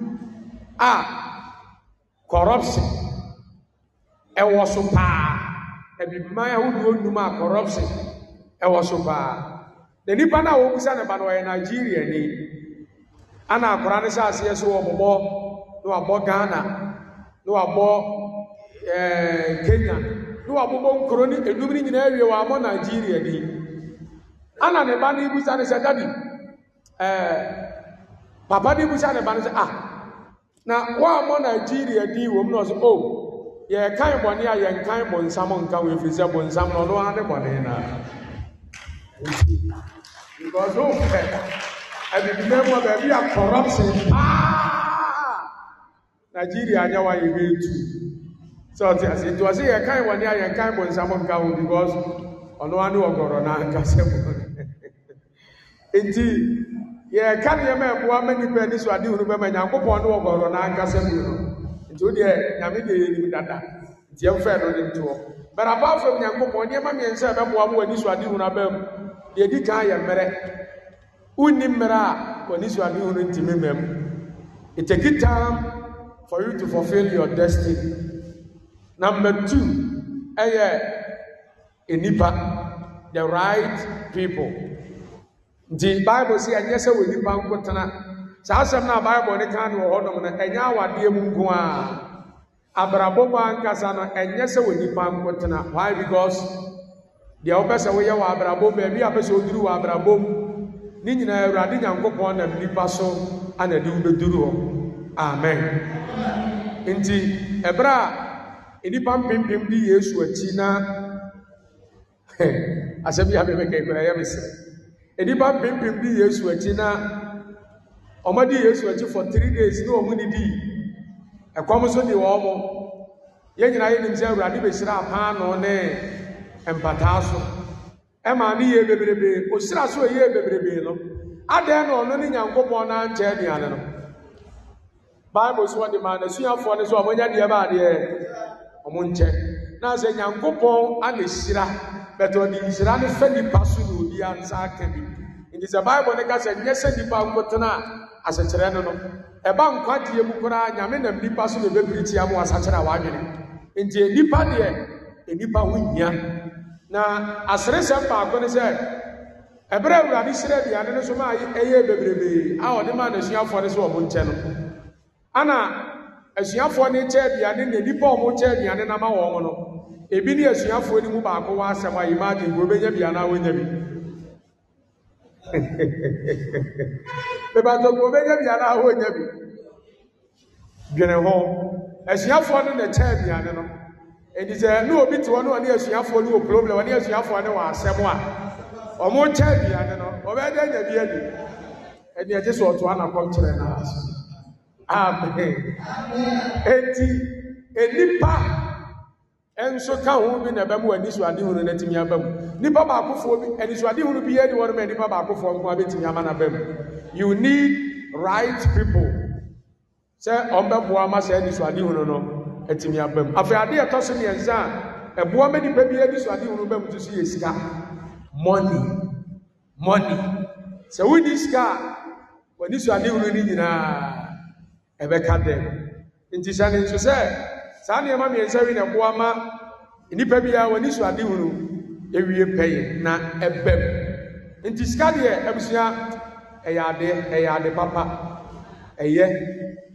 a corruption ɛwɔ so paa abibiman ahodoɔ nnum a corruption ɛwɔ so paa na nipa no a ne ba no ɔyɛ nigeria ni ana akora ne sɛ aseɛ so wɔ bɔbɔ na wabɔ ghana na wabɔ ɛɛ kenya na wabobɔ nkuro ne enum ne nyinaa awie wɔabɔ nigeria ni ana ne ba no ebusa ne sɛ dabi ɛɛ papa no ebusa ne ba no sɛ ah na wɔammɔ nigeria din wɔ mu na ɔsɛ o yɛrekan bɔne a yɛnkan bɔnsam nka wo ɛfiri sɛ bɔnsam no ɔno ara ne bɔne na because o pɛ abibina mu a a corruption paa ah! nigeria anyɛ wa yɛ bɛtu sɛ ɔte ase nti ɔsɛ yɛrekan bɔne a yɛnkan bɔnsam nka wo because ɔno ara ne ɔgɔrɔ na nka sɛ bɔne nti yɛka nneɛma a ɛboa ma nnipa ani so adehu no bɛma nyankopɔn ne wɔgɔrɔ n'ankasa mu no nti wo deɛ nyame deɛ yɛnim dada nti yɛmfɛ no ne ntoɔ but apart from nyankopɔn nneɛma mmiɛnsa a ɛbɛboa ma w'ani so adehu no abaa mu deɛ di kan yɛ mmerɛ wonni mmerɛ a w'ani so adehu no ntimi mma mu it take time for you to fulfil your destiny number two ɛyɛ nnipa e the right people nti bible si ɛnyɛ sɛ wɔ nipa tena, saa asɛm no a bible ne kan ne wɔ hɔnom no ɛnyɛ awadeɛ mu nko a abrabɔ mu ankasa no ɛnyɛ sɛ wɔ nipa nkotena why because deɛ wopɛ sɛ woyɛ wɔ abrabɔ mu baabi a pɛ sɛ woduru wɔ abrabɔ mu ne nyinaa awurade nyankopɔn nam nipa so ana de wobɛduru hɔ amen nti ɛberɛ a mpempem di yesu akyi na asɛm yi a mɛmɛkɛkura ɛyɛ me sɛ nnipa mpempem di yesu akyi na wɔadi yesu akyi for three days ne wɔn didii ɛkɔm nso di e wɔn mo yɛn nyinaa yɛnim sɛ awurade bɛhyira apaano ne mpataa so ɛmaa ne yie bebrebee ohyira so yie bebrebee no adan na ɔno ne nyankopɔn nankyɛ aduane no bible so wɔde maa n'asuafoɔ no so a wɔnya deɛ baadeɛ wɔn nkyɛ na sɛ nyankopɔn ana hyira. but ɔde nhyira ne fa nipa so na obi ansa aka bi nti sɛ nipa a no no ɛba nkwadeɛ mu koraa nyame nam nipa so na ɛbɛpiri tia mu asakyerɛ a wadwene nti nipa deɛ nipa ho nya. na aseresɛm baako awurade aduane no so ɛyɛ a ɔde n'asuafoɔ no ɔmo no ana asuafoɔ no kyɛ aduane na nipa ɔmo kyɛ na ebi ne asuafoɔ no mu baako wɔ asɛm a imagine ko wobɛnya bi anaa wonya bi mebatɔ ko wobɛnya bi anaa wonya bi dwene ho asuafoɔ no na kyɛɛ aduane no ɛnti sɛ ne obi te hɔ ne ɔne asuafoɔ no wɔ problem ɔne asuafoɔ no wɔ asɛm a ɔmo kyɛɛ aduane no ɔbɛyɛ dɛ nya bi adi ɛni ɛgye sɛ ɔto anakɔ kyerɛ naa so amen eti enipa ɛnso ka ho bi na ɛbɛmu anisoadehunu no atumi aba mu nnipa baakofoɔ bi anisoadehunu bi yɛ de wɔn ma nnipa baakofoɔ nko abɛtumi ama no mu you need right people sɛ ɔmbɛboa ma sɛ anisoadehunu no atumi aba mu afei adeɛ ɛtɔ so mmiɛnsa a ɛboa ma nnipa bi anisoadehunu ba mu to so yɛ sika money money sɛ wodi sika a w'anisoadehunu no nyinaa ɛbɛka dɛn nti hyɛ ne nso sɛ saa nneɛma mmiɛnsa wi na ɛboa ma nnipa biara w'ani so adi hunu ewie pɛyɛ na ɛbɛm nti sika deɛ abusua ɛyɛ ade ɛyɛ ade papa ɛyɛ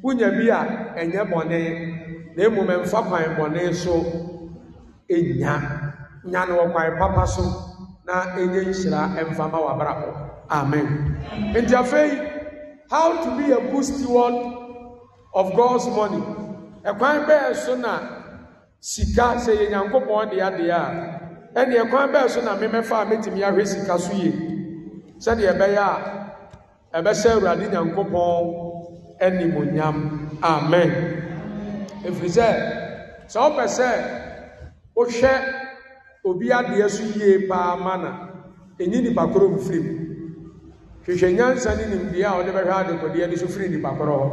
wunya bi a ɛnyɛ bɔne na emu nfa kwan bɔne so enya nya no wɔ kwan papa so na enye nhyira ɛmfa ma amen nti afei how to be a good steward of God's money ɛkwan bɛyɛ so na. sika sɛ yɛ nyankopɔn de adeɛ a ɛneɛ kwan bɛɛ so na memɛfa a mɛtumi ahwɛ sika so yie sɛdeɛ ɛbɛyɛ a ɛbɛsɛ awurade nyankopɔn animonyam amen ɛfiri sɛ sɛ wopɛ sɛ wohwɛ obi adeɛ so yie paa ma na ɛnyi nnipa korɔ mfiri mu hwehwɛ nyansa ne nimdeɛ a wɔde bɛhwɛ adekɔdeɛ no so firi nnipa korɔ hɔ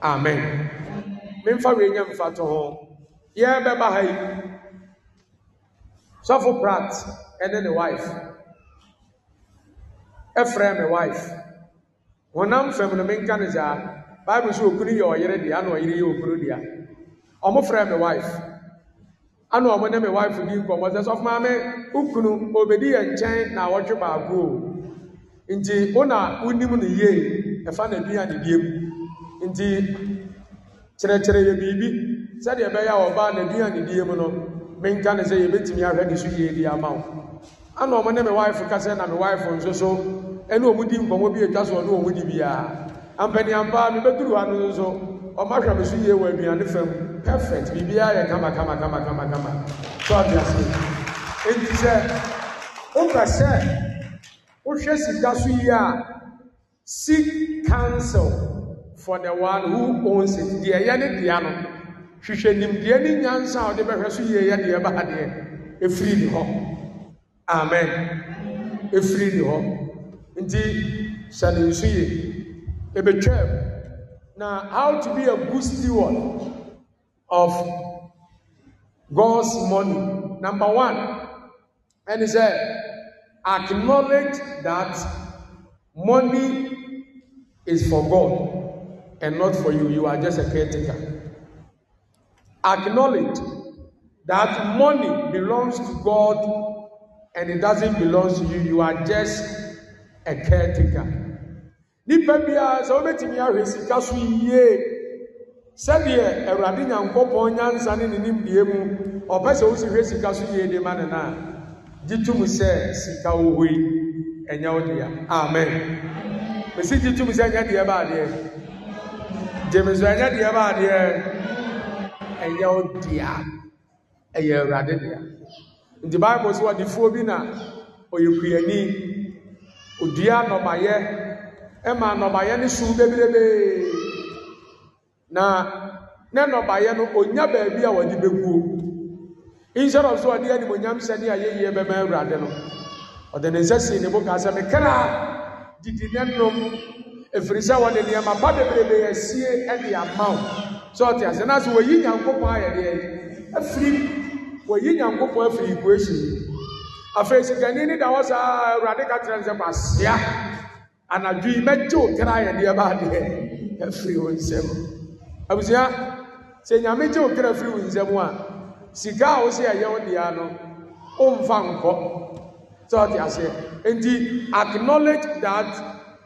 amen memfa wei nyɛ mfa to ho yɛbɛba ha yi sɔfo prat ɛne ne wife ɛfrɛ me wife nam fam no menka ne saa bible sɛ okunu yɛ ɔyere dea na ɔyere yɛ okunu dea ɔmo frɛ me wife ana ɔmo ne me wife di sɔfo maame okunu obedi yɛ nkyɛn na awɔtwe baako nti wo na wonim no yie ɛfa na ne nti kyerɛkyerɛ yɛ biribi sɛdeɛ ɛbɛyɛ a ɔbaa n'adua ne die mu no menka ne sɛ yɛbɛtumi ahwɛ ne so yie di ama wo ana ɔmo ne me wife kasɛ na me wife nso so ɛne ɔmo di nkɔmɔ bi atwa so ɔne ɔmo di biara ampaniampa mebɛduru ha no nso ɔmo ahwɛ me so yie wɔ aduane fam perfect biribiara yɛ kama kama kama kama kama so ɔde ase enti sɛ wopɛ sɛ wohwɛ sika so yie a seek counsel for the one who owns it deɛ ɛyɛ ne dea no hwehwɛ nimdeɛ ne nyansa a ɔde bɛhwɛ so yie yɛ deɛ baa deɛ efiri ne hɔ amen efiri ne hɔ nti sɛ ne nso yie ebetwam na how to be a good steward of God's money number one ɛne sɛ acknowledge that money is for God and not for you you are just a caretaker acknowledge that money belongs to God and it doesn't belong to you. You are just a caretaker. Nipa biara sɛ wobɛtumi ahwɛ sika so yie sɛdeɛ Awurade Nyankopɔn nyansa ne ne nimdeɛ mu ɔpɛ sɛ wosi hwɛ sika so yie de ma ne na gye tom sɛ sika wɔ hɔ yi ɛnyɛ wo amen mesi gye tom sɛ ɛnyɛ deɛ baadeɛ gye me so ɛnyɛ deɛ ɛyɛ wo dea ɛyɛ awurade dea nti bible sɛ ɔdefoɔ bi na ɔyɛ kuani ɔdua nnɔbayɛ ɛma nnɔbayɛ no sum bebrebee na ne nnɔbayɛ no ɔnya baabi a wɔde bɛguo instead of sɛ ɔde animonyam sɛdeɛ a yɛyie bɛma awurade no ɔde ne nsa sii ne bo kaa sɛ mekra didi ne nom ɛfiri sɛ so ɔte ase na so wɔyi nyankopɔn ayɛdeɛ afiri wɔyi nyankopɔn afiri equation afei sikani ne da hɔ saa awurade ka kyerɛ ne sɛ kwasea anadwo yi mɛgye wo kra ayɛdeɛ baadeɛ afiri wo nsɛm abusua sɛ nyame gye wo kra afiri wo nsɛm a sika a wosɛ ɛyɛ wo dea no womfa nkɔ sɛ ɔte aseɛ nti acknowledge that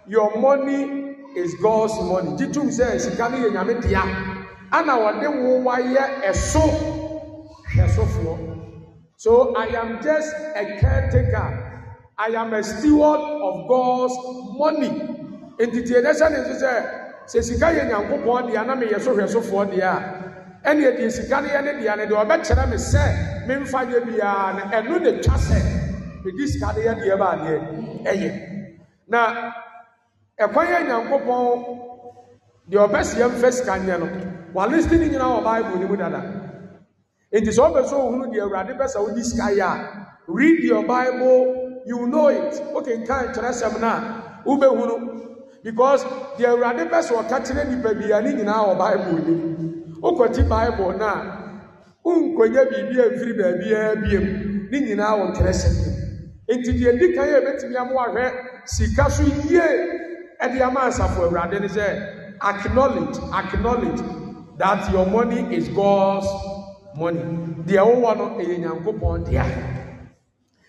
your money is god's money gye tom sɛ sika no yɛ nyame dea ana wɔde wo wayɛ ɛso hwɛsofoɔ so i am just a caretaker i am a steward of god's money ntete yɛn ɛhyɛ ne nso sɛ sɛ sika yɛ nyankopɔn deɛ ana mi yɛ so hwɛsofoɔ deɛ a ɛna yɛ deɛ sika no yɛ ne deɛ ne deɛ ɔbɛkyerɛ mi sɛ mi nfa yɛ biara no ɛno ne twa sɛ medi sika no yɛ deɛ baadeɛ ɛyɛ na ɛkwan yɛ nyankopɔn deɛ ɔbɛsi mfɛ sika nyɛ no walesi ne nyinaa wɔ bible ne mu dada nti sɛ ɔbɛ so ohunu deɛ awurade bɛ sɛ wodi sika yɛ read your bible you know it wokenkan kyerɛ sɛm no a wobɛhunu because deɛ awurade bɛ sɛ ɔka kyerɛ nnipa bia ne nyinaa wɔ bible ne mu wokɔti bible no a wonkɔnya biribi amfiri baabiaa biam ne nyinaa wɔ nkyerɛ sɛm no nti deɛ di kan yɛ bɛtumi ama wahwɛ sika so yie ɛde ama asafo awurade ne sɛ acknowledge acknowledge that your money is God's money. Deɛ wowɔ no ɛyɛ Nyankopɔn dea.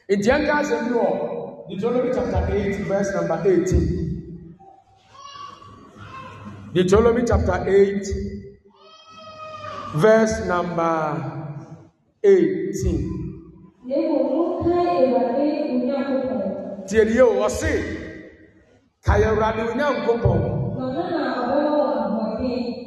Nti ɛnka asɛm bi wɔ Deuteronomy chapter eight verse number eighteen. Deuteronomy chapter eight verse number eighteen. Tie ni ye o, ɔse, ka yɛ Awurade Onyankopɔn. N'ɔno na ɔbɛwɔ abɔnten.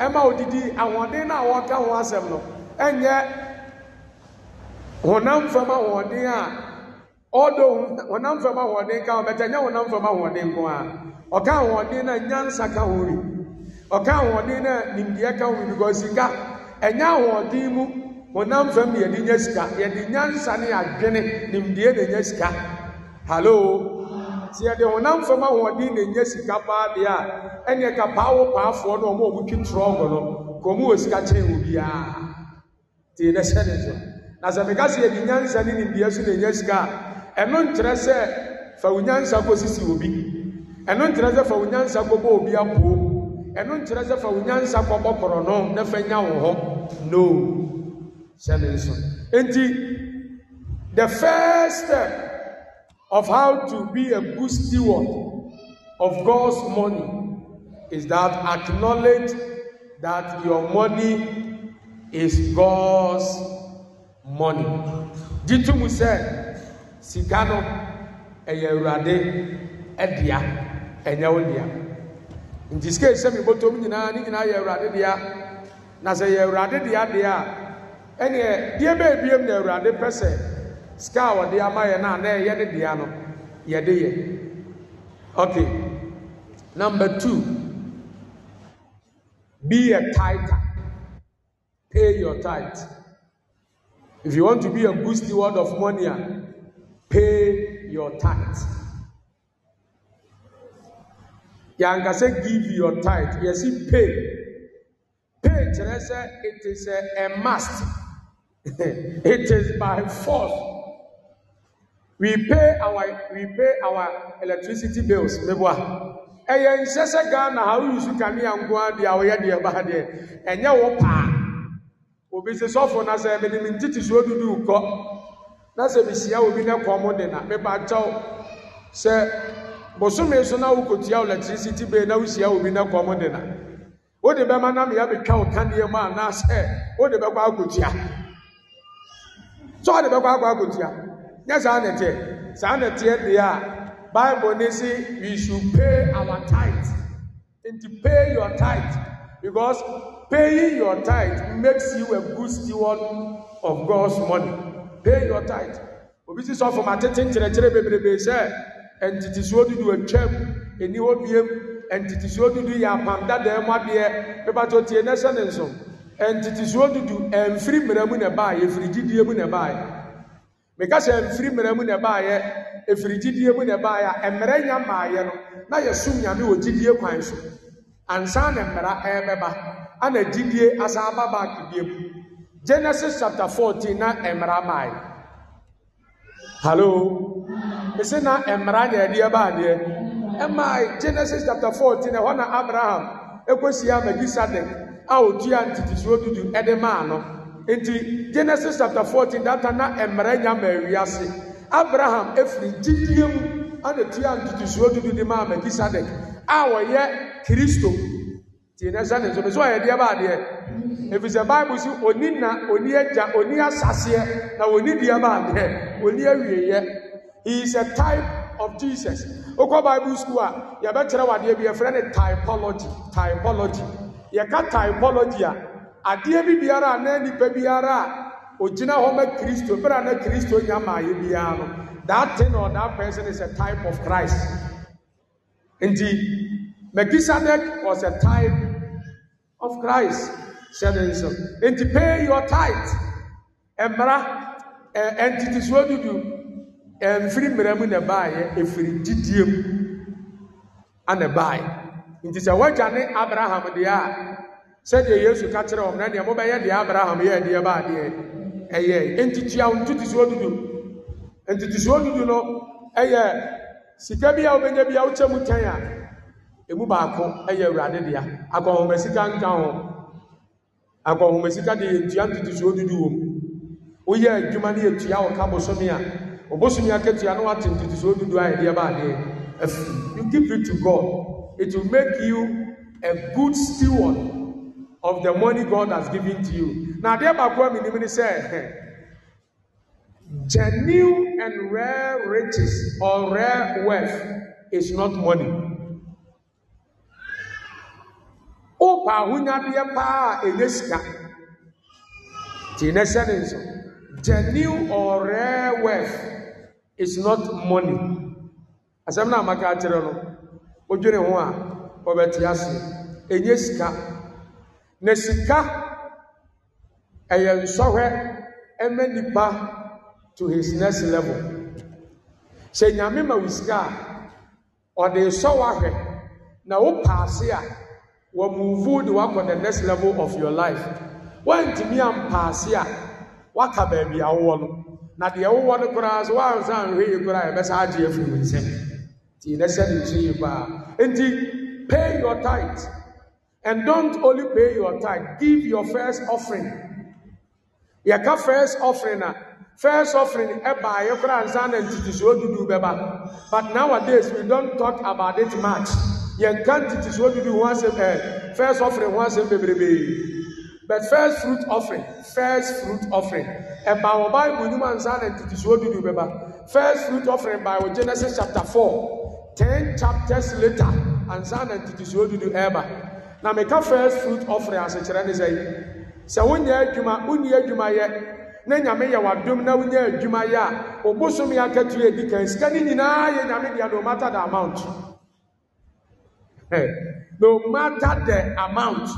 ɛma odidi ahoɔden no a wɔka ho asɛm no ɛnyɛ honam fam ahoɔden a ɔdɔ honam fam ahoɔden ka ho bɛtɛ nyɛ honam fam ahoɔden ko a ɔka ahoɔden na nyansa ka ho bi ɔka ahoɔden na nimdeɛ ka ho bi because sika ɛnyɛ ahoɔden mu honam fam yɛde nya sika yɛde nyansa ne adwene nimdeɛ na nya sika hallo nti ɛdeɛ honamfam a wɔde na enya sika paa deɛ a ɛne ɛka paawo paafoɔ no ɔmo a wɔtwi trɔngo no kɔn mu wɔ sika kyɛn wɔ biara te ne hyɛ ne so na sɛ meka sɛ yɛde nyansa ne nimdeɛ so na enya sika a ɛno nkyerɛ sɛ fa wo nyansa kɔsisi obi ɛno nkyerɛ sɛ fa wo nyansa kɔbɔ obi apoo ɛno nkyerɛ sɛ fa wo nyansa kɔbɔ korɔno na fa nya wo hɔ no hyɛ ne so nti the first step of how to be a good steward of God's money is that acknowledge that your money is God's money. Ditumu sɛ sika no ɛyɛ awurade ɛdea ɛnyɛ wo dea nti sika esɛ mi bɔtɔ mu nyinaa ne nyinaa yɛ awurade dea na sɛ yɛ awurade dea dea ɛnneɛ deɛ bɛɛ biem na awurade sika a wɔde ama yɛ na anɛ yɛ ne dea no yɛde yɛ okay number two be a tither pay your tithe if you want to be a good steward of money ah, pay your tithe yankasa give your tithe yɛsi pay pay kyerɛ sɛ it is a, a must it is by force. we pay our we our electricity bills mebua ɛyɛ ghana ha kanea nkoa deɛ a wɔyɛ deɛ ba deɛ ɛnyɛ paa obi sɛ sɔfo na sɛ mede me ntete soɔ dudu kɔ na sɛ mehyia obi ne kɔm de na meba kyɛw sɛ bosome so na wokɔtua electricity bill na obi ne kɔm de na wode bɛma na meyɛ metwa wo kaneɛ mu anaasɛ wode bɛkɔ akɔtua sɛ wode bɛkɔ akɔ akɔtua nyɛ saa na teɛ saa na teɛ deɛ a bible ne si we should pay our tithe nti pay your tithe because paying your tithe makes you a good steward of God's money pay your tithe obi si sɔfo ma tete nkyerɛkyerɛ bebrebe sɛ ntutisuo dudu atwam eni hɔ biem ntutisuo dudu yɛ apam dada mu adeɛ pepato tie ne sɛ e, e, ne nso ntutisuo dudu mfiri mmerɛ mu na ɛbaa yɛfiri gyidie mu na ɛbaa yɛ. meka sɛ mfiri mmerɛ mu na ɛbaayɛ efiri gyidie mu na ɛbaayɛ a mmerɛ nya maayɛ no na yɛsom nyame wɔ gyidie kwan so ansa na mmara ɛrebɛba ana gyidie asa aba baaki bie mu genesis chapter fourteen na mmara maayɛ hallo mesi na mmara na ɛde ɛbaa deɛ ɛmaayɛ genesis chapter fourteen ɛhɔ na abraham ekosi amagisadek a otu otua ntutu dudu ɛde maa no. nti genesis chapter fourteen data na mmerɛ nya mɛ wiase abraham efiri gyidie mu ana tia ntutusuo dudu di maa melkisedek a wɔyɛ kristo tie na ɛhyɛ ne nso ne so ɔyɛ deɛ baa deɛ efisɛ baibu si oni na oni agya oni asaseɛ na oni deɛ baa deɛ oni awieɛ he is a type of jesus okɔ bible school a yɛbɛkyerɛ wadeɛ bi yɛfrɛ ne typology typology yɛka typology a adeɛ bi biara a na nipa biara a ogyina hɔ ma kristo bere a na kristo nya maayɛ biara no that thing or that person is a type of christ nti melchizedek was a type of christ sɛde nsɛm nti pay your tithe mmara eh, ntitesoɔ dudu mfiri mmerɛ mu na baayɛ efiri gyidie mu ana baayɛ nti sɛ wagya ne abraham deɛ a sɛdeɛ yesu ka kyerɛ wɔn na deɛ mobɛyɛ deɛ abraham yɛ deɛ baa deɛ ɛyɛ ntutua ntutusuo dudu ntutusuo dudu no ɛyɛ sika bi a wobɛnya bi a wokyɛ mu tɛn a emu baako ɛyɛ awurade dea akɔnhoma sika nka ho akɔnhoma sika deɛ ntua ntutusuo dudu wɔ mu woyɛ adwuma no yɛ tua wɔ ka bosomi no wate ntutusuo dudu a yɛ deɛ you give it to god it will make you a good steward of the money God has given to you. Now, there Bakwa Minimini said, genuine and rare riches or rare wealth is not money. Opa ahunyadeɛ paa ɛnyɛ sika nti ne hyɛ ne nso genuine or rare wealth is not money asɛm no a maka akyerɛ no wodwene ho a wɔbɛte ase ɛnyɛ sika na sika ɛyɛ nsɔhwɛ ɛmɛ nipa to his next level sɛ nyame ma wo sika a ɔde nsɔhwɛ ahwɛ na wo paase a wɔmuvu de wakɔ the next level of your life wɔntumi ampaase a waka baabi a wowɔ no na deɛ wowɔ no koraa so woansa anhwɛ yi koraa ɛbɛsa agye afiri wo nsɛm nti nɛ sɛ ne nso yi paa nti pay your tithe And don't only pay your tithe, give your first offering. Yɛka first offering first offering Eba, ɛba ayɛ kora ansa na ntutisuo dudu beba. but nowadays we don't talk about it much yɛnka ntutisuo dudu once a day. first offering ho asɛm baby. but first fruit offering first fruit offering ɛba wɔ bible nim ansa na ntutisuo dudu beba. first fruit offering by Genesis chapter four ten chapters later and ansa na ntutisuo dudu eba na meka first fruit offering asekyerɛ ne sɛ sɛ wonyɛ adwuma wonni adwumayɛ na nyame yɛ wadom na wonyɛ adwumayɛ a obosom yɛ akatua edi kan sika ne nyinaa yɛ nyame dea no matter the amount no matter the amount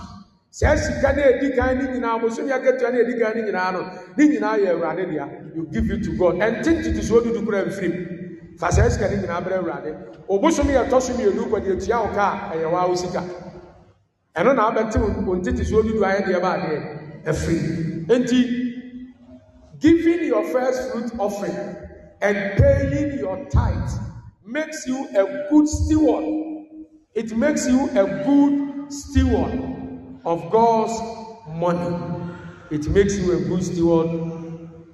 sɛ sika na edi kan ne nyinaa obosom yɛ akatua na edi kan ne nyinaa no ne nyinaa yɛ awurade dea you give it to god ɛnten tete so odudu kura mfirim fa sɛ sika ne nyinaa brɛ awurade obosom yɛ tɔ so mmienu kɔ deɛ tua wo kaa ɛyɛ waa wo sika ɛno na abɛte wɔn tete so onidu ayɛ deɛ baadeɛ ɛfiri nti giving your first fruit offering and paying your tithe makes you a good steward it makes you a good steward of God's money it makes you a good steward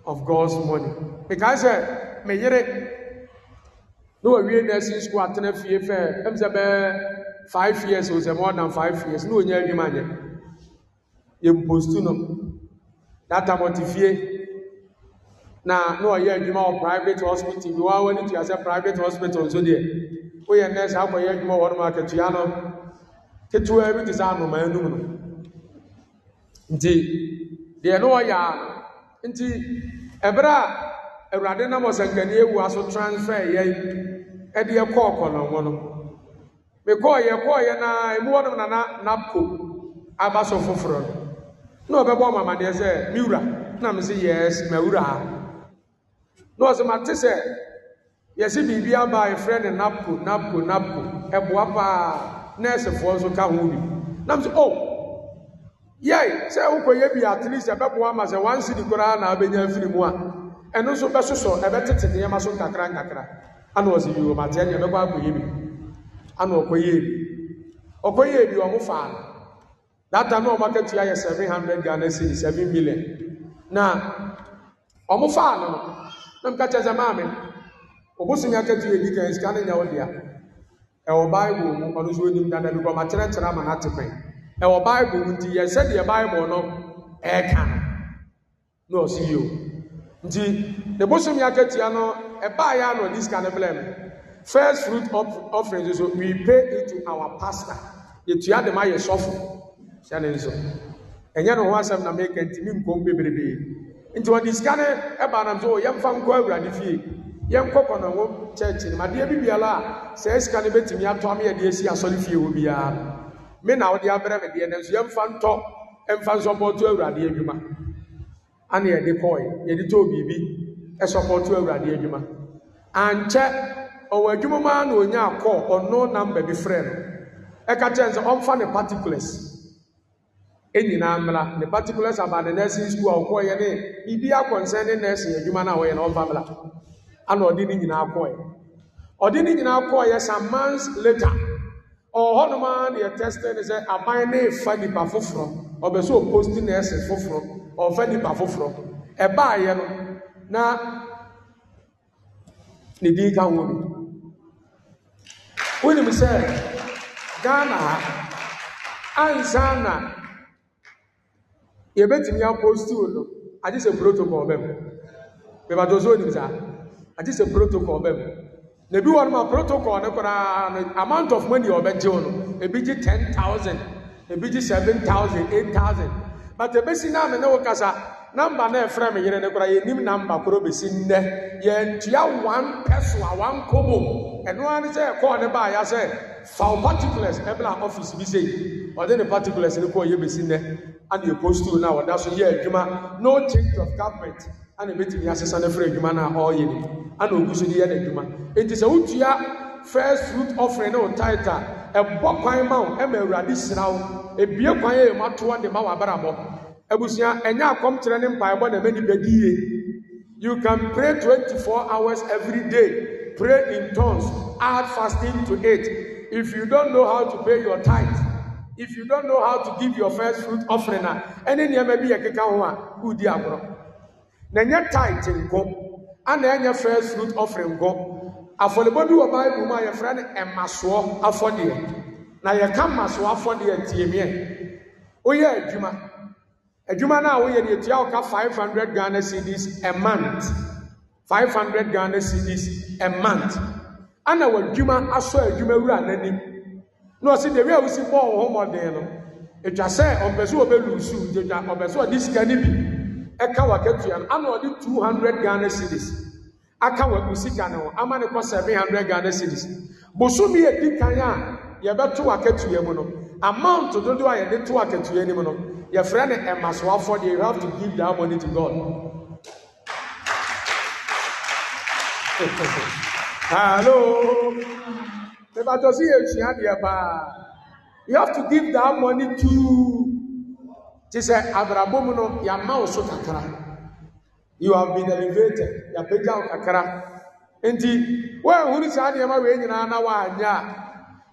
of God's money mekaa sɛ meyere ne wawie nursing school atena fie fɛ ɛm sɛ bɛɛ. five years or more than five years na onye rim anya yɛmpostu no datamɔtefie na na ɔyɛ adwuma wɔ private hospital bi waa wani tua sɛ private hospital nso deɛ woyɛ nurse akɔyɛ adwuma wɔ nom akatua no ketewa bi te sɛ anomaa anum no nti deɛ no ɔyɛ eh, eh, a nti ɛberɛ a awurade nam ɔsɛnkani ewu aso transfer yɛn ɛde ɛkɔɔ kɔnɔmɔ no mekɔɔyɛ kɔɔyɛ na emu hɔnom na na napco aba so foforɔ no na ɔbɛbɔ ɔmo amadeɛ sɛ mi wura na mi sɛ yɛs mɛ wura ha na ɔsɛ ma te sɛ yɛsi biribi aba efrɛ e ne napco napco napco ɛboa paa nɛɛsefoɔ nso ka ho bi na mi sɛ o yɛi sɛ wokɔyɛ bi at ɛbɛboa e ama sɛ wansi di koraa na abɛnya afiri mu a ɛno e nso bɛsosɔ ɛbɛtete nneɛma so nkakra nkakra ana ɔsɛ yi o ma teɛ nea ɛbɛkɔ akɔyɛ bi. ana ɔkɔyɛ ebi ɔkɔyɛ ebi ɔmo faa data na ɔmo akatua yɛ seven hundred ghana seven million na ɔmo faa no no na nka kyerɛ sɛ maame ɔbosom akatua ebi kan sika ne nya ɔdea ɛwɔ baibul mu ɔno nso dada bi kyerɛkyerɛ ama pɛn ɛwɔ mu nti sɛdeɛ no ɛɛka na ɔsi nti ne bosom akatua no ɛbaa yɛ ne first fruit of offering so we pay it to our pastor yɛtua de ma yɛ sɔfo hyɛ ne nso ɛnyɛ ne ho asɛm na meka ntimi nkɔm bebrebee nti wɔde sika ne ɛba nam so yɛmfa nkɔ awurade fie yɛnkɔ kɔnɔnwo kyɛkyi nim adeɛ bi biara a sɛ sika ne bɛtumi atɔ ama yɛde asi asɔre fie hɔ biara me na wode abrɛ me deɛ nanso yɛmfa ntɔ ɛmfa nso bɔto awurade adwuma ana yɛde kɔe yɛde tɔɔ biribi ɛsɔpɔto awurade adwuma ankyɛ ɔwɔ adwumamaa na onya akɔ ɔno namba bi frɛ no ɛka kyerɛ sɛ ɔmfa ne particulars nyinaa mla ne particulars about the nursing school a ɔkɔɔyɛ ne biribi akɔnsɛn ne nursing adwuma e no a wɔyɛ ɔmfa mmra ana ɔde ne nyinaa kɔɔɛ ɔde ne nyinaa kɔɔyɛ some months later ɔwɔ hɔnom ara na yɛtɛsite ne sɛ aban ne fa nipa foforɔ ɔbɛ sɛ ɔposti nursing foforɔ ɔfa nipa foforɔ ɛbaayɛ e no na ne din ka ho wonim sɛ ghana ha ansa na yɛbɛtumi akɔ stool no agye sɛ protocol bɛm bɛbadɔ so onim saa agye sɛ protocol bɛm na ebi wɔ no ma protocol no koraa no amount of money ɔbɛgyew no ebi gye ten thousand ebi gye seven thousand eight thousand but ebesi naa mi ne wo kasa namba na ɛfrɛ me yere no kora yɛnim namba korɔ bɛsi nnɛ yɛntua wan pɛ so a wankɔmmom ɛno ara ne sɛ ɛkɔɔ ne baayɛ sɛ faw particulars ɛbla e office bi sei ɔde ne particulars no kɔɔ yɛ bɛsi nnɛ ana yɛpostu no a wɔda so yɛ adwuma no change of government ana mɛtumi asesa no frɛ adwuma no a ɔreyɛ no ana ogu so de yɛ n'adwuma enti sɛ wotua first fruit offering ne wo title ɛbɔ kwan ma wo ɛma awurade hyira wo ebie kwan yɛ yɛ mu atoɔ de ma wɔ abrabɔ abusua ɛnyɛ akɔmkyerɛ ne mpaebɔ na ɛbɛ nipa di yie you can pray twenty-four hours every day pray in tongues add fasting to it if you don't know how to pay your tithe if you don't know how to give your first fruit offering a ɛne nneɛma bi yɛ keka ho a kuu di agorɔ na ɛnyɛ tithe nko ana ɛnyɛ first fruit offering nko afɔlebɔ bi wɔ bible mu a yɛfrɛ no ɛmasoɔ afɔdeɛ na yɛka masoɔ afɔdeɛ ntiemeɛ woyɛ adwuma adwuma no a woyɛ deɛ tua woka 500 ghana cedis a month 500 ghana cedis a month ana w'adwuma asɔ adwuma wura n'anim na ɔsi deɛ wia wosi bɔɔl ho mɔden no atwa sɛ ɔmpɛ sɛ ɔbɛlu su atwa ɔmpɛ sɛ ɔde sika no bi ɛka w'akatua no ana ɔde 200 ghana cedis aka w'aku sika no ho ama ne kɔ 700 ghana cedis bosomi edi kan a yɛbɛto w'akatua mu no amount dodoɔ a yɛde to w'akatua no mu no your friend Emma Swaford, you have to give that money to God. Hello. see if You have to give that money to. She said, Abrabomuno, so Sotakara. You have been elevated. Yapeja Kakara. Indeed, well, who is Adiyama Rain in Anawa?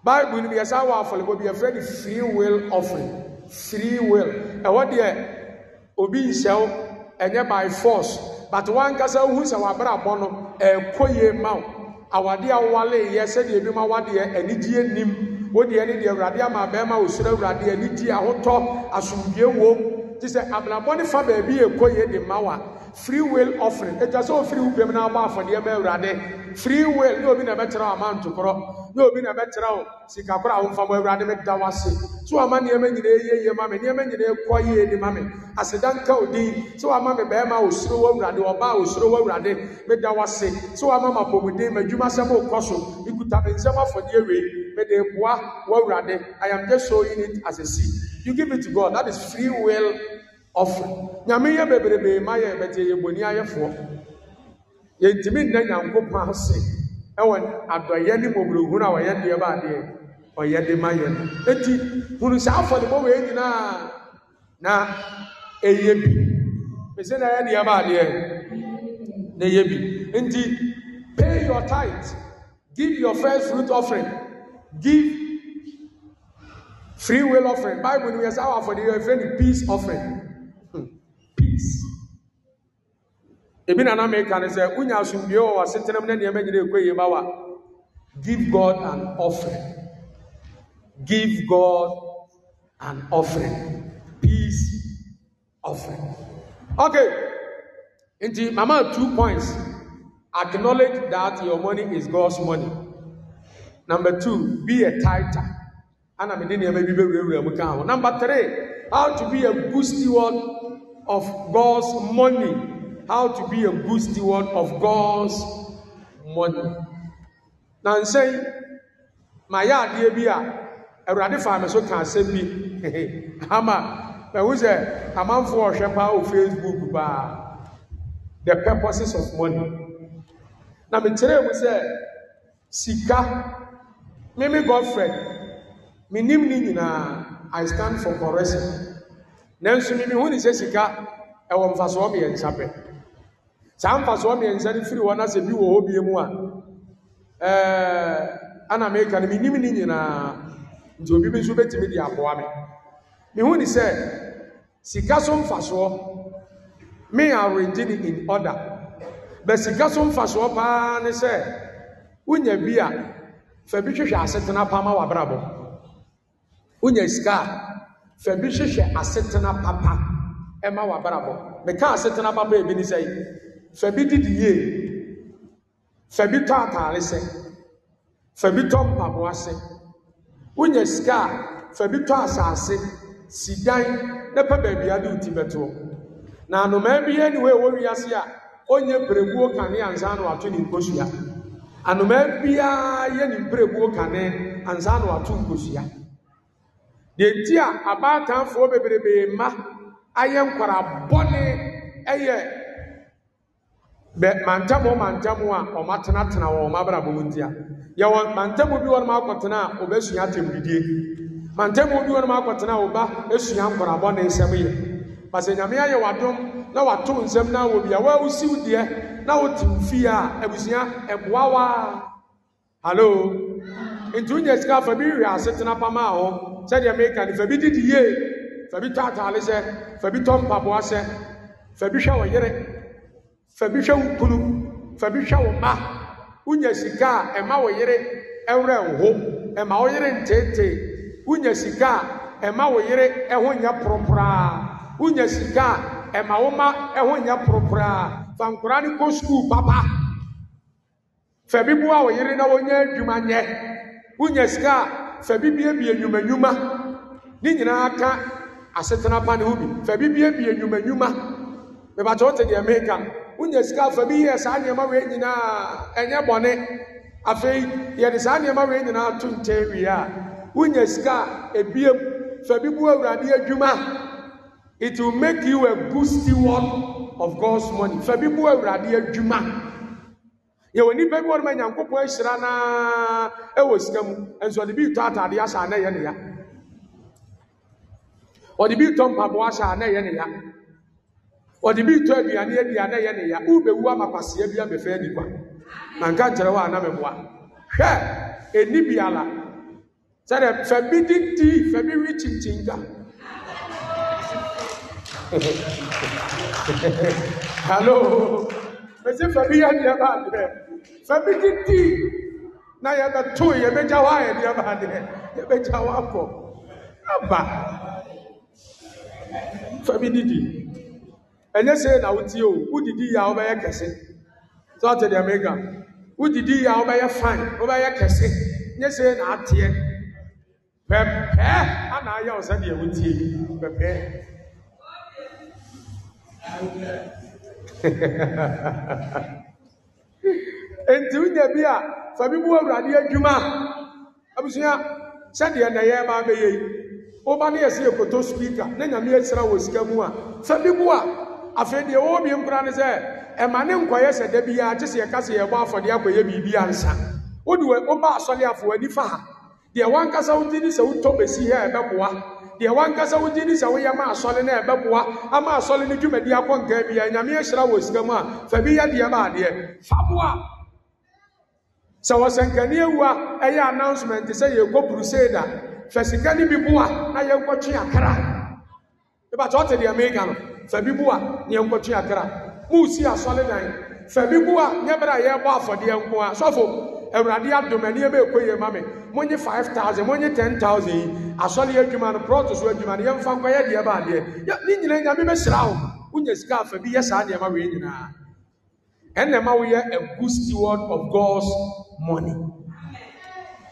Bible, yes, I will follow, but be afraid of free will offering. free will ɛwɔ deɛ obi nhyɛ wo ɛnyɛ by force but wankasa wohu sɛ wabrabɔ no ɛɛkɔ yie ma wo awadeɛ a yɛ sɛdeɛ ebi ma wadeɛ anigyeɛ nim wodeɛ ne deɛ awurade ama bɛrima osuro awurade anigyeɛ ahotɔ asomdwie wom te sɛ abrabɔ ne fa baabi ɛkɔ yie de ma wo free will offering ɛtwa sɛ ofiri wo bem na abɔ afɔdeɛ ma awurade free will ne obi na ɛbɛkyerɛ wo amantokorɔ ne obi na ɛbɛkyerɛ wo sikakora a womfa mo awurade meda wo ase so wama nneɛma nyinaa yɛyɛ ma me nneɛma nyinaa kɔ yie ni ma me asedanka odin so wama me bɛrima a osuro wɔ awurade ɔbaa a osuro wɔ awurade meda wo ase so wama ma apɔmuden ma adwuma sɛm okɔ so ekuta me nsɛm afɔdeɛ wei mede boa wɔ awurade i am just showing it as a seed you give it to god that is free will ɔfo nyame yɛ bebrebe ma yɛ bɛtɛ yɛ bɔni ayɛfoɔ yɛntumi nna nyankopɔn ase ɛwɔ adɔyɛ ne mɔborohunu a wɔyɛ deɛ ba adeɛ ɔyɛ de ma yɛ no eti hunu saa afɔdebɔ wɔ nyinaa na ɛyɛ bi bɛsɛ na ɛyɛ deɛ ba adeɛ na ɛyɛ bi nti pay your tithe give your first fruit offering give free will offering bible no yɛ saa afɔde yɛ fɛ ne peace offering. ebi na anam eka ne sɛ wonya asomdue wɔ w'asetenam na nneɛma nyina ekɔ yie ma give god an offering give god an offering peace offering okay nti mama two points acknowledge that your money is god's money number two be a tither ana mi ne nneɛma bi bɛwurawura mu ka ho number three how to be a boosty one of god's money how to be a good steward of God's money na nsɛn ma yɛ adeɛ bi a awurade fa mi so ka asɛm bi ama na ehu sɛ amanfoɔ ɔhwɛ paa wɔ Facebook paa the purposes of money na mi kyerɛ mu sɛ sika mímí Godfred mi nim ni nyinaa I stand for correction nanso mímí hu ni sɛ sika ɛwɔ nfasoɔ mmiɛnsa pɛ. saa mfasoɔ mmiɛnsa no firi hɔ na sɛ bi wɔ hɔ bie mu a ɛɛ ana meka no menim ne nyinaa nti obi bi nso bɛtumi de aboa me mehu ne sɛ sika so mfasoɔ me arrange ne in order bɛ sika so mfasoɔ paa ne sɛ wonya bi a fa bi hwehwɛ asetena pa ma wabrabɔ wonya sika a fa bi hwehwɛ asetena papa ma wabrabɔ meka asetena papa ebi ne sɛ fa bi didi yie fa bi tɔ ataare sɛ fa bi tɔ mpaboa sɛ wonya sika a fa bi tɔ asaase si dan na pɛ baabi a de ti bɛtoɔ na anomaa bi yɛ niwe wɔ wiase a onye mperebuo kane ansa na wato ne nkosua anomaa biara yɛ ne mperebuo kane ansa na wato nkosua deɛ nti a abaatafoɔ bebrebe mma ayɛ nkwarabɔne ɛyɛ bɛ mantamu mantamu a ɔmatenatena wɔ ɔmo abrabɔ wɔn ti a yɛwɔ mantamu bi wɔn akɔtena a ɔbɛsua atɛmudidie mantamu bi wɔn akɔtena a ɔba esua nkɔnabɔ ne nsɛm yɛ pase nyame ayɛ wadom na wato nsɛm na wɔ bi a wɔawusiw deɛ na wɔte nfi a abusua ɛboa waa hallo ntu nyɛ sika fa bi hwɛ ase tena pama a hɔ sɛdeɛ meka ne fa didi yie fa tɔ ataale sɛ fa tɔ mpaboa sɛ fa hwɛ wɔ fa bi hwɛ wo kunu fa bi hwɛ wo ma wonya sika a ɛma wo yere ɛwerɛ nho ɛma wo yere nteetee wonya sika a ɛma wo yere ɛho nyɛ poroporaa wonya sika a ɛma wo ma ɛho nyɛ poroporaa fa nkora ne kɔ sukuu papa fa bi boa wo yere na wonya adwuma nyɛ wonya sika a fa bi biebie nnwumanwuma ne nyinaa ka asetena pa ne ho bi fa bi biebie nnwumanwuma mebatɔ wote deɛ meka wonya sika afa bi yɛ saa nneɛma wei nyinaa ɛnyɛ bɔne afei yɛde saa nneɛma wei nyinaa to nkyɛn wie a wonya sika ebiem fa bu awurade adwuma it will make you a good steward of God's money febi bi bu awurade adwuma yɛwɔ nipa bi wɔnom nyankopɔn ahyira naa ɛwɔ sika mu nso ɔde bi tɔ ataadeɛ ahyɛ a na ɛyɛ ne ya ɔde bi tɔ mpaboa ahyɛ a na ne ya ɔde bi tɔ aduane aduane yɛ ne ya wobɛwu ama paseɛ bi abɛfɛ nipa na nka nkyerɛ wɔ anam mmoa hwɛ ɛni biala sɛdeɛ fa bi di di fa bi wi kyinkyin hallo mesi fa bi yɛ nneɛma adeɛ fa bi di di na yɛbɛto yɛbɛgya hɔ a yɛ nneɛma adeɛ yɛbɛgya hɔ akɔ aba fa bi di ɛnyɛ sɛ na wotie o wodidi yɛ a wobɛyɛ kɛse sɛ ɔte deɛ meka wodidi yɛ a wobɛyɛ fan wobɛyɛ kɛse nyɛ sɛ na ateɛ pɛpɛɛ ana ayɛ wo sɛdeɛ wotie pɛpɛɛ nti wonya bi a fa bi mu awurade adwuma abusua sɛdeɛ na ɛyɛ ba bɛyɛ yi woba ne yɛ sɛ yɛ koto speaker ne nyame yɛkyerɛ wɔ sika mu a fa bi mu a afei deɛ ɛwɔ bi nkora ne sɛ ɛma ne nkɔyɛ sɛ da biara kye sɛ yɛka sɛ yɛbɔ afɔdeɛ akɔyɛ biribi ansa wode woba asɔre afo w'ani fa ha deɛ wankasa wogye ni sɛ wotɔ bɛsi ha ɛbɛboa deɛ wankasa wogye ni sɛ woyɛ ma asɔre na ɛbɛboa ama asɔre no dwumadi akɔ nkaa bia nyame ahyira wɔ sika mu a fa bi yɛ deɛ baadeɛ fa boa sɛ wɔsɛnkani awu a ɛyɛ announcement sɛ yɛkɔ crusade fɛ sika no bi boa na yɛnkɔtwe akra ba kyɛ ɔte deɛ meeka no fa bi bu a neɛ nkɔtwe akra muusi asɔle dan fa bi a nyɛ bere a yɛbɔ afɔdeɛ nko a sɔfo awurade adom ɛneɛ bɛɛkɔ yie ma me monye five thousand monye ten thousand yi asɔle adwuma no prɔto so adwuma no yɛmfa nkɔyɛ deɛ baadeɛ ne nyina nyame bɛhyira wo wonya sika afa bi yɛ saa nneɛma wei nyinaa ɛnna ɛma woyɛ a good steward of god's money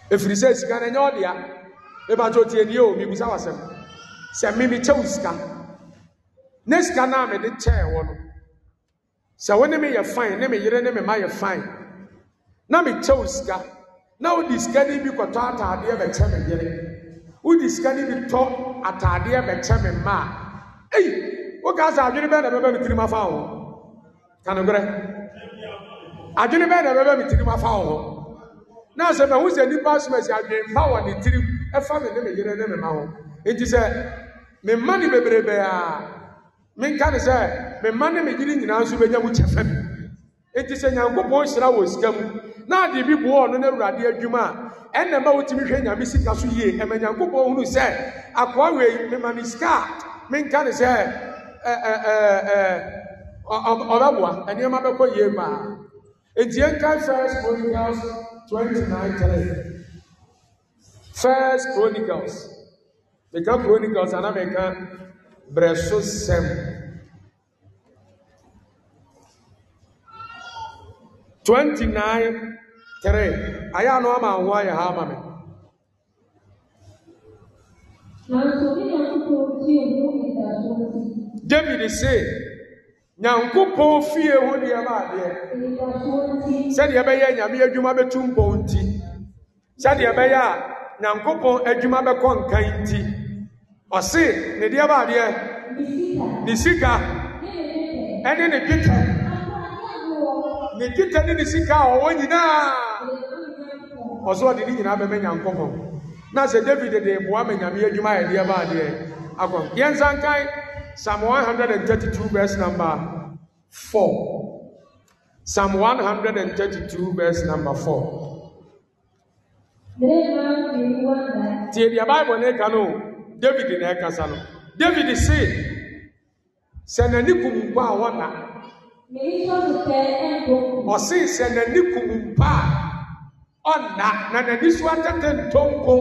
efiri sɛ sika no ɛnyɛ ɔdea ebakyɛ otie die o mibusa wasɛm sɛ mimi kyɛ wo sika ne sika no a mede kyɛɛ wɔ no sɛ wo ne me yɛ fae ne me yere ne me ma yɛ fae na mekyɛ wo sika na wode sika no bi kɔtɔ ataadeɛ bɛkyɛ me yere wode sika no bi tɔ ataadeɛ bɛkyɛ me mma a ei woka sɛ adwene bɛɛ na ɛbɛbɛ me tirim afa wo ho ka nokorɛ adwene bɛɛ na ɛbɛbɛ me tirim afa wo ho na sɛ mahu sɛ nnipa asomasi adwene pa wɔ ne tirim ɛfa me ne me yere ne me ma ho enti sɛ me mma ne bebrebe a menka ne sɛ me mma ne me yere nyinaa nso bɛnya mu kyɛ fam enti sɛ nyankopɔn hyira wɔ sika mu na ade bi boɔ ɔno no awurade adwuma a ɛnna ma wotumi hwɛ nyame sika so yie ɛma nyankopɔn hunu sɛ akoa wei mema ne sika a menka ne sɛ ɔbɛboa nneɛma bɛkɔ yie paa enti yɛnka first chronicles twenty nine three first chronicles meka chronicles ana meka brɛ so sɛm twenty nine three ayé àná ọmọ àwọn ayé ha ama mi. david se nyankopɔn fie ho nneɛma adeɛ sɛdeɛ ɛbɛyɛ nyame adwuma bɛtu mpɔn nti sɛdeɛ ɛbɛyɛ a nyankopɔn adwuma bɛkɔ nkan nti ɔse ne deɛ baadeɛ ne sika ɛne ne dwetɛ ne dwetɛ ne ne sika a ɔwɔ nyinaa ɔso ɔde ne nyinaa bɛmɛ nyankopɔn na sɛ david de boa ma nyame adwuma a ɛdeɛ baadeɛ akɔ yɛnsa nkan psalm 132 verse number four. psalm 132 verse number 4 tie deɛ bible ne ka no david na ɛkasa no david se sɛ n'ani kum mpa a wɔna ɔse sɛ n'ani kum mpa a ɔna na n'ani so atɛtɛ ntonko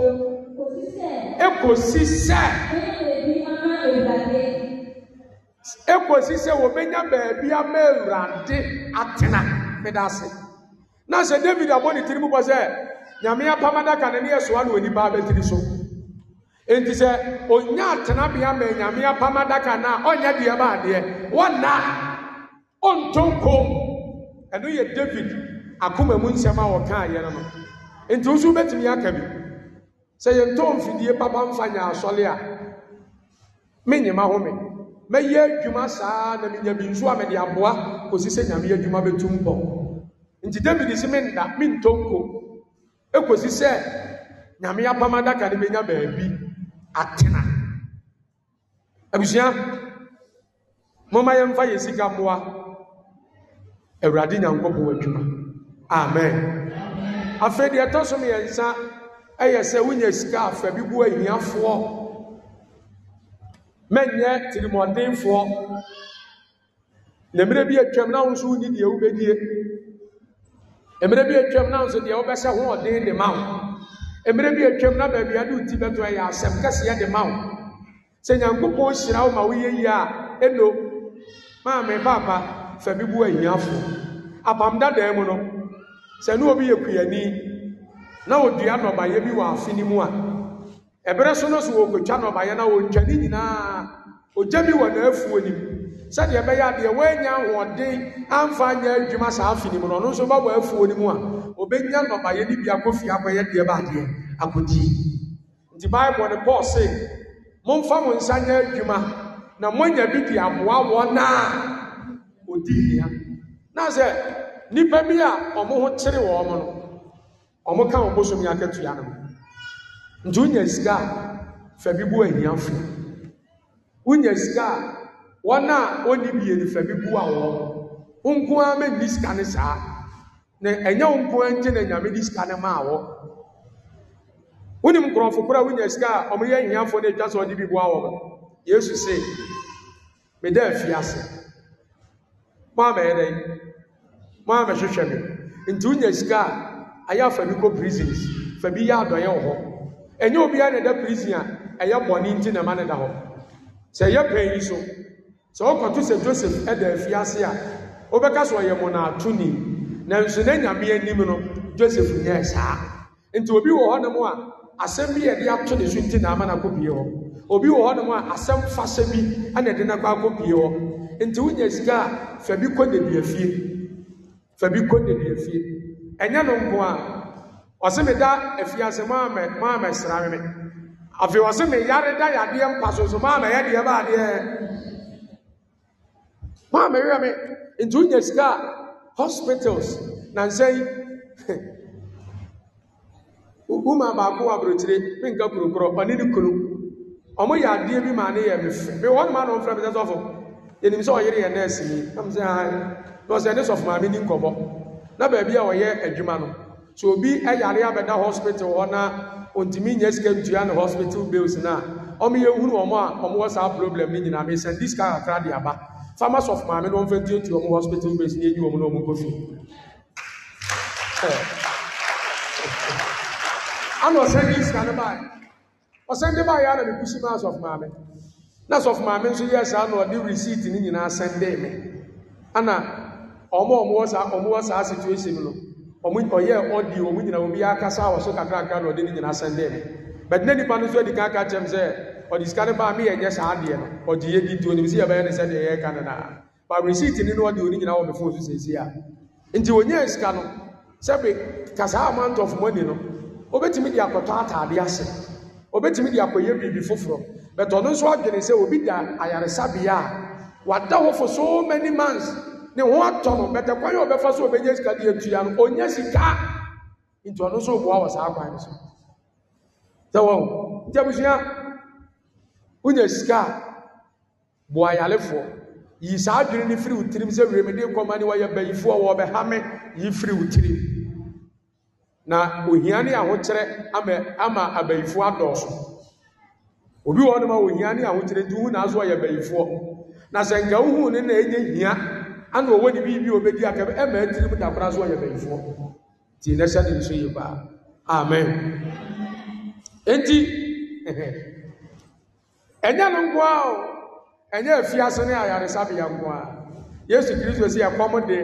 ekosi sɛ ekosi sɛ wɔbɛnya baabi ama awurade atena meda ase na sɛ david abɔ ne tiri mu bɔ sɛ nyame apam adaka n'ani ɛsoa na onipa abɛtiri so. nti sɛ onya atenabea ma nyame apam adaka na ɔnyɛ deɛ ba adeɛ wɔnna ɔnto nko ɛno yɛ david akoma mu nsɛm a wɔkaa yɛ no no nti nso wobɛtumi aka bi sɛ yɛntɔ mfidie papa mfa nyɛ asɔre a menyima ho me mɛyɛ adwuma saa na menya bi nso a mede aboa kɔsi sɛ nyame adwuma bɛtum bɔ nti david si menda mentɔ nko ɛkɔsi sɛ nyame apam adaka no bɛnya baabi atena abusua momma yɛmfa yɛ sika mmoa awurade nyankopɔn adwuma amen afei deɛ ɛtɔ so mmiɛnsa ɛyɛ sɛ wonya sika afa bi bu ahiafoɔ mɛnyɛ tirimɔdenfoɔ na mmerɛ bi atwam na wo nso wonni deɛ wobɛdie mmerɛ bi atwam na wo nso deɛ wobɛhyɛ hoɔden de ma wo mmerɛ bi atwam na baabi ade wo ti bɛtɔ ɛyɛ asɛm kɛseɛ de ma wo sɛ nyankopɔn hyira wo ma woyɛ yie a ɛno maame papa fa bi bu ahiafoɔ apam dadaa mu no sɛ ne obi yɛ kuani na ɔdua nnɔbaeɛ bi wɔ afe no mu a ɛberɛ so no so wɔkɔtwa nnɔbaeɛ na wɔntwa ne nyinaa ɔgya bi wɔ n'afuo no sɛdeɛ ɛbɛyɛ adeɛ wɔanya ahoɔden amfa anyɛ adwuma saa afi afini mu no ɔno nso bɛbɔ afuo no mu a ɔbɛnya nnɔbaeɛ no bi akɔfie akɔyɛ deɛ baadeɛ akɔdi nti bible ne paul se momfa mo nsa nyɛ adwuma na moanya bi de aboa wɔn a ɔdi hia na sɛ nnipa bi a ɔmo ho kyere wɔn mo no ɔmo ka wɔn bosom yɛ akatua no nti wonya sika a fa bi bu ahiafo wonya sika a wɔn a wɔnni mmienu fɛ bi bu awɔ nko ara mɛ nni sika ne saa na ɛnyɛ nko ara nkyɛn na nyame di sika ne maa wɔ wonim nkurɔfo kora wonya sika a wɔyɛ ahiafoɔ na atwa so wɔde bi bu awɔ yesu se meda afi ase mo ama yɛ dɛ mo ama hwehwɛ me nti wonya sika a ayɛ afa bi kɔ prisons fa bi yɛ adɔyɛ wɔ hɔ ɛnyɛ obiara na ɛda prison a ɛyɛ bɔne nti na ɛma ne da hɔ sɛ ɛyɛ pɛn yi so. sɛ wokɔto sɛ joseph ɛda afiase a wobɛka sɛ ɔyɛ monaatoni nanso n'anyame anim no joseph nyɛɛ saa nti obi wɔ hɔnom a asɛm bi yɛde ato ne so nti na ama no akɔpie hɔ obi wɔ hɔnom a asɛm fasɛ bi ana ɛde no akɔakɔpie hɔ nti wonya sika a fa bi kɔ nneduafie fa bi kɔ nneduafie ɛnyɛ no nko a ɔse meda afiase maa mɛsra me afei ɔse meyare da yɛadeɛ mpa so so maa mɛyɛ deɛ baadeɛ maa mɛwia mi nti wonya sika a hospitals na nsɛn wuma baako wɔ aburokyire bi nka kurokuro ɔne ne kunu ɔmo yɛ adeɛ bi maa ne yɛ mi fɛ mi wɔn maa na ɔmfra mi sɛ sɔfo yɛnim sɛ ɔyere yɛ nɛɛse ni ɛm sɛ ha na ɔsɛ ne sɔfo maame ni nkɔmɔ na baabi a wɔyɛ adwuma no so obi ɛyare e abɛda hospital hɔ na ontumi nya sika ntua ne hospital bills na ɔmo yɛ hunu ɔmo a ɔmo wɔ saa problem ne nyinaa mi sɛ ndi sika kakra de aba. farmers of maame na wọn fẹ ọmụwa tie hospital base ní ẹni wọn náà wọn kọ fi ana ọsẹ ọsẹ ana mi kusi maame na sọf maame nso yẹ saa na ọde receipt ni nyinaa sẹn dẹ mi ana ọmọ ọmọ wọ saa ọmọ wọ saa situation no ọmọ ọyẹ ọdi ọmọ nyinaa obi akasa kakra kakra na ni nyinaa sẹn dẹ mi aka ɔde sika no baa mi yɛ nyɛ saa adeɛ no ɔde yɛ di nti onim si yɛbɛyɛ ne sɛdeɛ yɛ ka no naa ba receipt ni na ɔde oni nyinaa wɔ me phone so sɛsi a nti onyaa sika no sɛbi kasaa amount of money no obetumi de akɔtɔ ataade ase obetumi de akɔyɛ biribi foforɔ but ɔno nso adwene sɛ obi da ayaresabea a wada hɔ for so many months ne ho atɔ no but kwan a ɔbɛfa so ɔbɛnya sika etu ya no ɔnya sika nti ɔno nso bua wɔ saa kwan no so sɛ wɔn nti abusua. wonya sika a boa yalefoɔ yi saa adwene no firi wo tirim sɛ wiemede nkɔma ne wɔyɛ bayifoɔ wɔbɛha me yi firi wo tirim na ohia ne ama ama obi wɔ nom a ohia ne ahokyerɛ nti wohu naaso ɔyɛ bayifoɔ na sɛ nka wohu ne na ɛnyɛ hia ana ɔwɔ ne biribi a ɔbɛdi akɛm ɛma ɛnyɛ no nko a o ɛnyɛ afiase ne ayaresabea nko yesu kristo si ɛkɔm de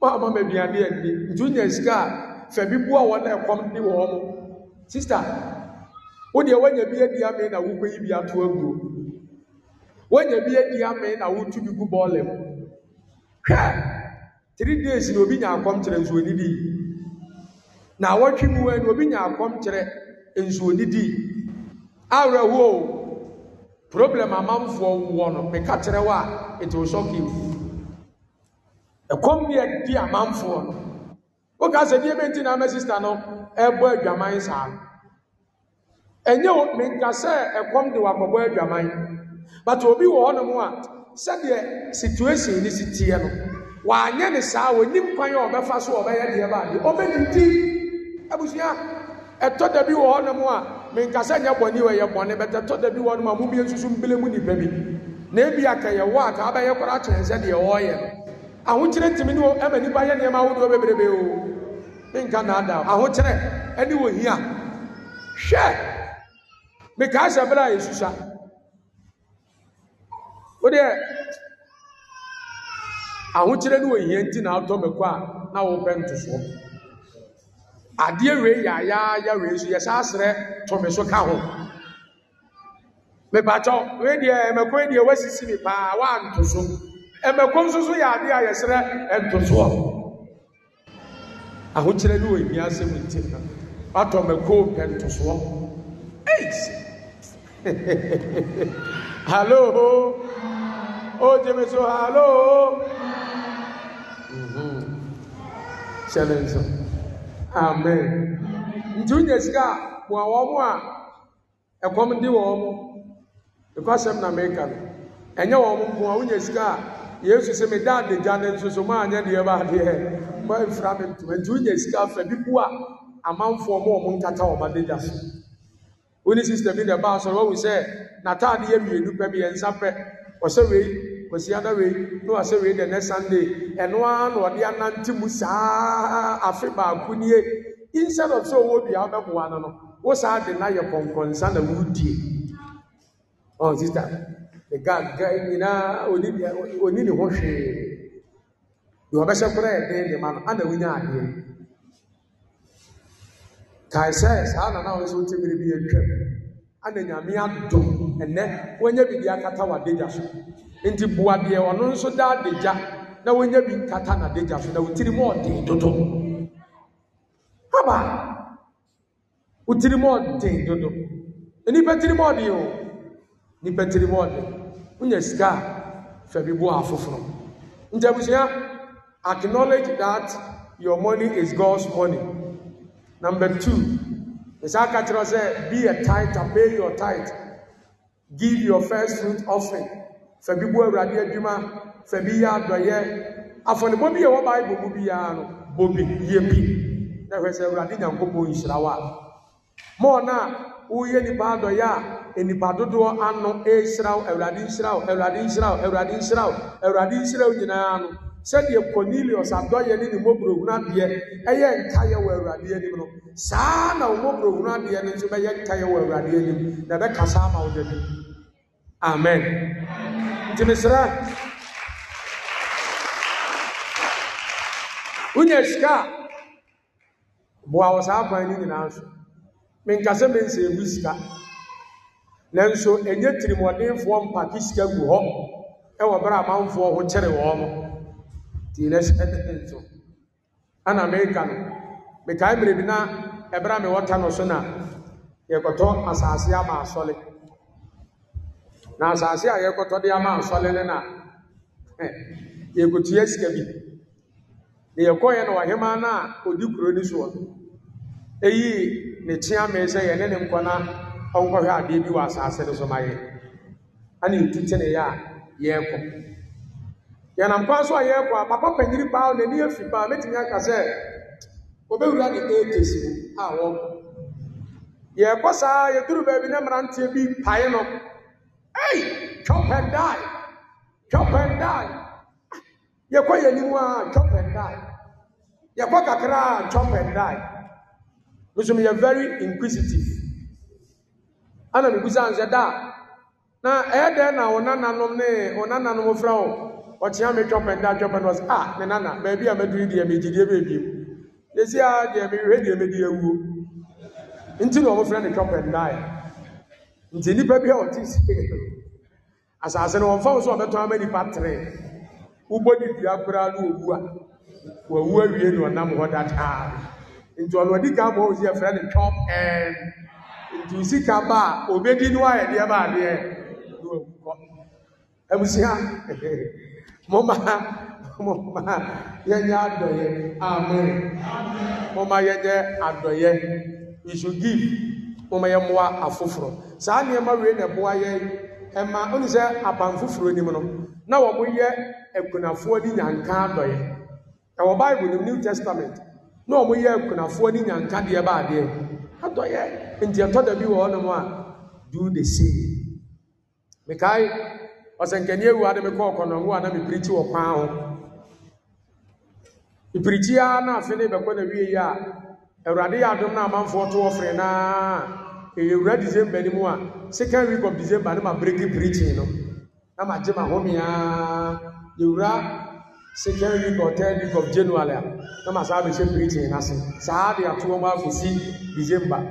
maama ma aduane andi nti wonya sika a fa bi bua wɔn a ɛkɔm de wɔn mo sista wodeɛ woanya bi adi ame na wokɔyi bi ato aguo woanya bi adi ame na wotu bi gu bɔɔlɛ mu hwɛ three days na obi nya akɔm kyerɛ nsuo nidi na awɔtwe mu wɛ na obi nya akɔm kyerɛ nsuo nidi awerɛhoɔ o problem amanfoɔ wɔ no meka kyerɛ wo a it will shock you ɛkɔm ne adi amanfoɔ no woka sɛ deɛ bɛnti na ama sista no ɛbɔ adwaman saa ɛnyɛ wo menka sɛ ɛkɔm de wakɔbɔ adwaman but obi wɔ hɔnom a sɛdeɛ situation ne si tie no wanyɛ ne saa wɔnim kwan a ɔbɛfa so ɔbɛyɛ deɛ baadeɛ ɔbɛnim ti abusua ɛtɔ da bi wɔ hɔnom a menkasa nyɛ bɔne wɔ yɛ bɔne bɛtɛtɔ da bi wɔ no ma mu bie nsusu mbele mu nipa bi na ebi aka yɛ wɔ aka abɛyɛ kora kyerɛ sɛ deɛ wɔɔyɛ no ahokyerɛ ntumi ne wɔ ɛma nipa yɛ nneɛma ahodoɔ bebrebe o menka na ada ahokyerɛ ɛne wɔ hia hwɛ mekaa bere a yɛsusa wodeɛ ahokyerɛ hia nti na atɔ mɛkɔ a na wɔpɛ ntosoɔ adeɛ wei yɛ ayaayaa wei nso yɛsɛ asrɛ tɔmɛ so ka ho mepatɔ wei deɛ mɛkɔ deɛ wasisi mi paa wanto so e mɛkɔ nso so yɛ adeɛ a yɛsrɛ e nto soɔ ahokyerɛ ne wɔ ebi asɛm nti na watɔ mɛkɔ pɛ e nto soɔ eight hallo o gye mi so hallo hyɛ ne amen nti wonya sika a boa a ɛkɔm de wɔ mo ɛkɔsɛm na meka no ɛnyɛ wɔn mo a sika a yesu sɛ me ne deɛ ba adeɛ ntoma nti a amanfoɔ wɔn nkata wɔn so na wɔn n'ataade mmienu pɛ mmiɛnsa pɛ kwasi ana wei na wasɛ dị the next sunday ɛno ara saa afe baako nie instead of sɛ ɔwɔ a ɔbɛboa no no wo saa na na wodie ɔn oh, sista the guy guy nyinaa oni oni hwee deɛ ọ koraa yɛ den ndị ma ana wonya adeɛ kae sɛ saa na na wɔn nso bi ana nyame adɔ ɛnɛ wɔnyɛ bi de akata w'adagya so nti bua deɛ ɔno nso da adagya na wɔnyɛ bi kata n'adagya so na wotiri mu ɔden dodo haba wotiri mu ɔden dodo nipa tiri mu ɔden o nipa tiri mu ɔden wonya sika a fɛ bi bu afoforo ntabusua acknowledge that your money is God's money number two. saa aka kyerɛ be a tithe and pay your tithe give your first fruit offering fa bi bu awurade adwuma fa bi yɛ adɔyɛ afɔnibɔ bi yɛ wɔ bible ya biara no bɔ na hwɛ sɛ awurade nyankopɔn nhyira wa ma a sɛdeɛ cornelius adɔyɛ ne ne mmɔborɔhunu adeɛ ɛyɛ nkaeɛ wɔ awurade anim no saa na wo mmɔborɔhunu adeɛ no nso bɛyɛ nkaeɛ wɔ awurade anim na ɛbɛkasa ama wo dani amen nti mesrɛ wonya sika a boa wɔ saa kwan no nyinaa so menka sɛ mensɛɛgu sika nanso ɛnyɛ tirimɔdenfoɔ mpake sika gu hɔ ɛwɔ berɛ amanfoɔ ho kyere wɔn no the election nso ana amerika no mekae mmerɛ bi na ɛberɛ a mewɔta no so na yɛkɔtɔ asaase ama asɔle na asaase a yɛkɔtɔ de ama asɔle na eh, yɛkɔtua sika bi na yɛkɔyɛ no wahema no a ɔdi kuro no soɔ ne sɛ yɛne ne nkɔ na ɔnkɔhwɛ adeɛ bi wɔ asase no so ma yɛ ana yɛtu tene yɛ a yɛnam kwan so a yɛrekɔ a papa panyini paa n'ani afi paa mɛtumi aka sɛ wɔbɛwura ne eighties mu a wɔrekɔ yɛrekɔ saa yi-duru baabi na mmeranteɛ bi pae no ei chop and die chop and die yɛkɔ yɛn anim a chop and die yɛkɔ kakra a chop and die nso yɛ very inquisitive ana mebusa ansɛ daa, na ɛyɛ dɛn na wɔnananom ne wɔnananom fra wɔn ɔkyea metwa pɛn na atwa pɛn na ɔsɛ ah a mɛduru deɛ megyidie beebi mu desi a deɛ mehwɛ e deɛ medi awuo nti na wɔfrɛ ne twa pɛn na yɛ nti nipa bi a ɔte se asase no wɔmfa wo so ama nipa tere wobɔ ne dua owu a na ɔnam hɔ dataa nti ɔno ɔdi kan ma ɔwɔ si ɛfrɛ ne twa pɛn nti osi ka ba a obedi no ayɛ deɛ ba adeɛ na wawu kɔ abusua momma yɛnyɛ adɔyɛ amen momma yɛnyɛ adɔyɛ you should give momma yɛmmoa afoforɔ saa nneema wei na ɛboa aban no na wɔn yɛ akunafoɔ ne nyanka adɔyɛ ɛwɔ bible no new testament na wɔn yɛ akunafoɔ ne nyanka deɛ ntị bi a do the same mekae ɔsɛ nkani awu ade mekɔ ɔkɔnɔngo a na mepirikyi wɔ kwan ho mepirikyi a na afe ne bɛkɔ na wie yi a awurade yɛ adom na amanfoɔ to wɔfere naa ɛyɛ wura december ni mu a second week of december ne mabreki pirikyi no na magye mahomeaa yɛwura second week or third week of january a na ma saa bɛhyɛ pirikyi no ase saa de atoɔ mu akɔsi december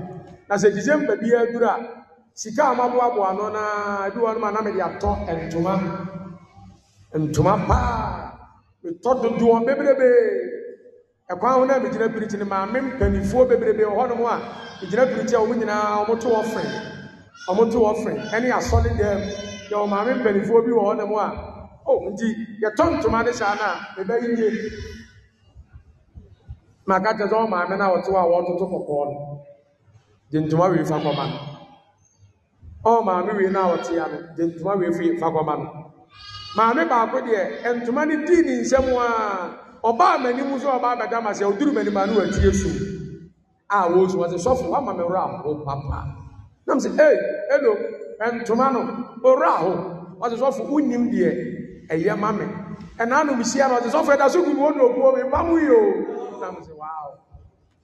na sɛ december biara duru a sika a wɔaboaboa no na ebi wɔ no ma na atɔ ntoma ntoma paa metɔ dodoɔ bebrebe ɛkwan ho na megyina pirikyi no maame mpanimfoɔ bebrebe wɔ hɔnom a megyina pirikyi a wɔn nyinaa wɔto wɔ fere wɔto wɔ fere ɛne maame bi wɔ hɔnom a o oh, nti yɛtɔ ntoma a nye sɛ maame a ntoma wei Ọ maame wee na- a ya ano ntoma wei fi fa na maame baako deɛ ntoma no dii ne nsɛm a ɔbaa ɔbaa ma sɛ ɔduru a sɔfo wama aho papa sɛ ee ntoma no aho sɔfo deɛ ɛyɛ ɛna anum sɔfo ɛda so gu wɔn na sɛ waaw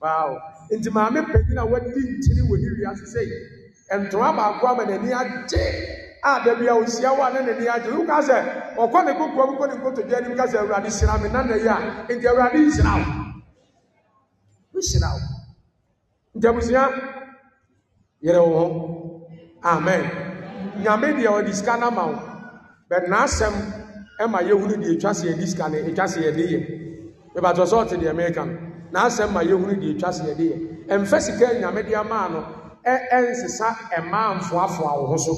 waaw nti maame a wadi wɔ ntoma baako ama n'ani agye a dabi a osia wa ne n'ani agye wuka sɛ ɔkɔ ne koko ɔkɔ ne nkotodwe anim ka sɛ awurade hyira mi nane n'ayi a nti awurade hyira wo hyira wo ntabusua yɛrɛ wɔ hɔ amen nyame deɛ ɔde sika no ama wo bɛt n'asɛm ɛma yɛhunu deɛ etwa se yɛde sika no etwa se yɛde yɛ mebatɔ sɛ ɔte deɛ meka no n'asɛm ma yɛhunu deɛ etwa se yɛde yɛ ɛmfɛ sika nyame de maa no ɛnsesa mmaa mfoafoa wo ho so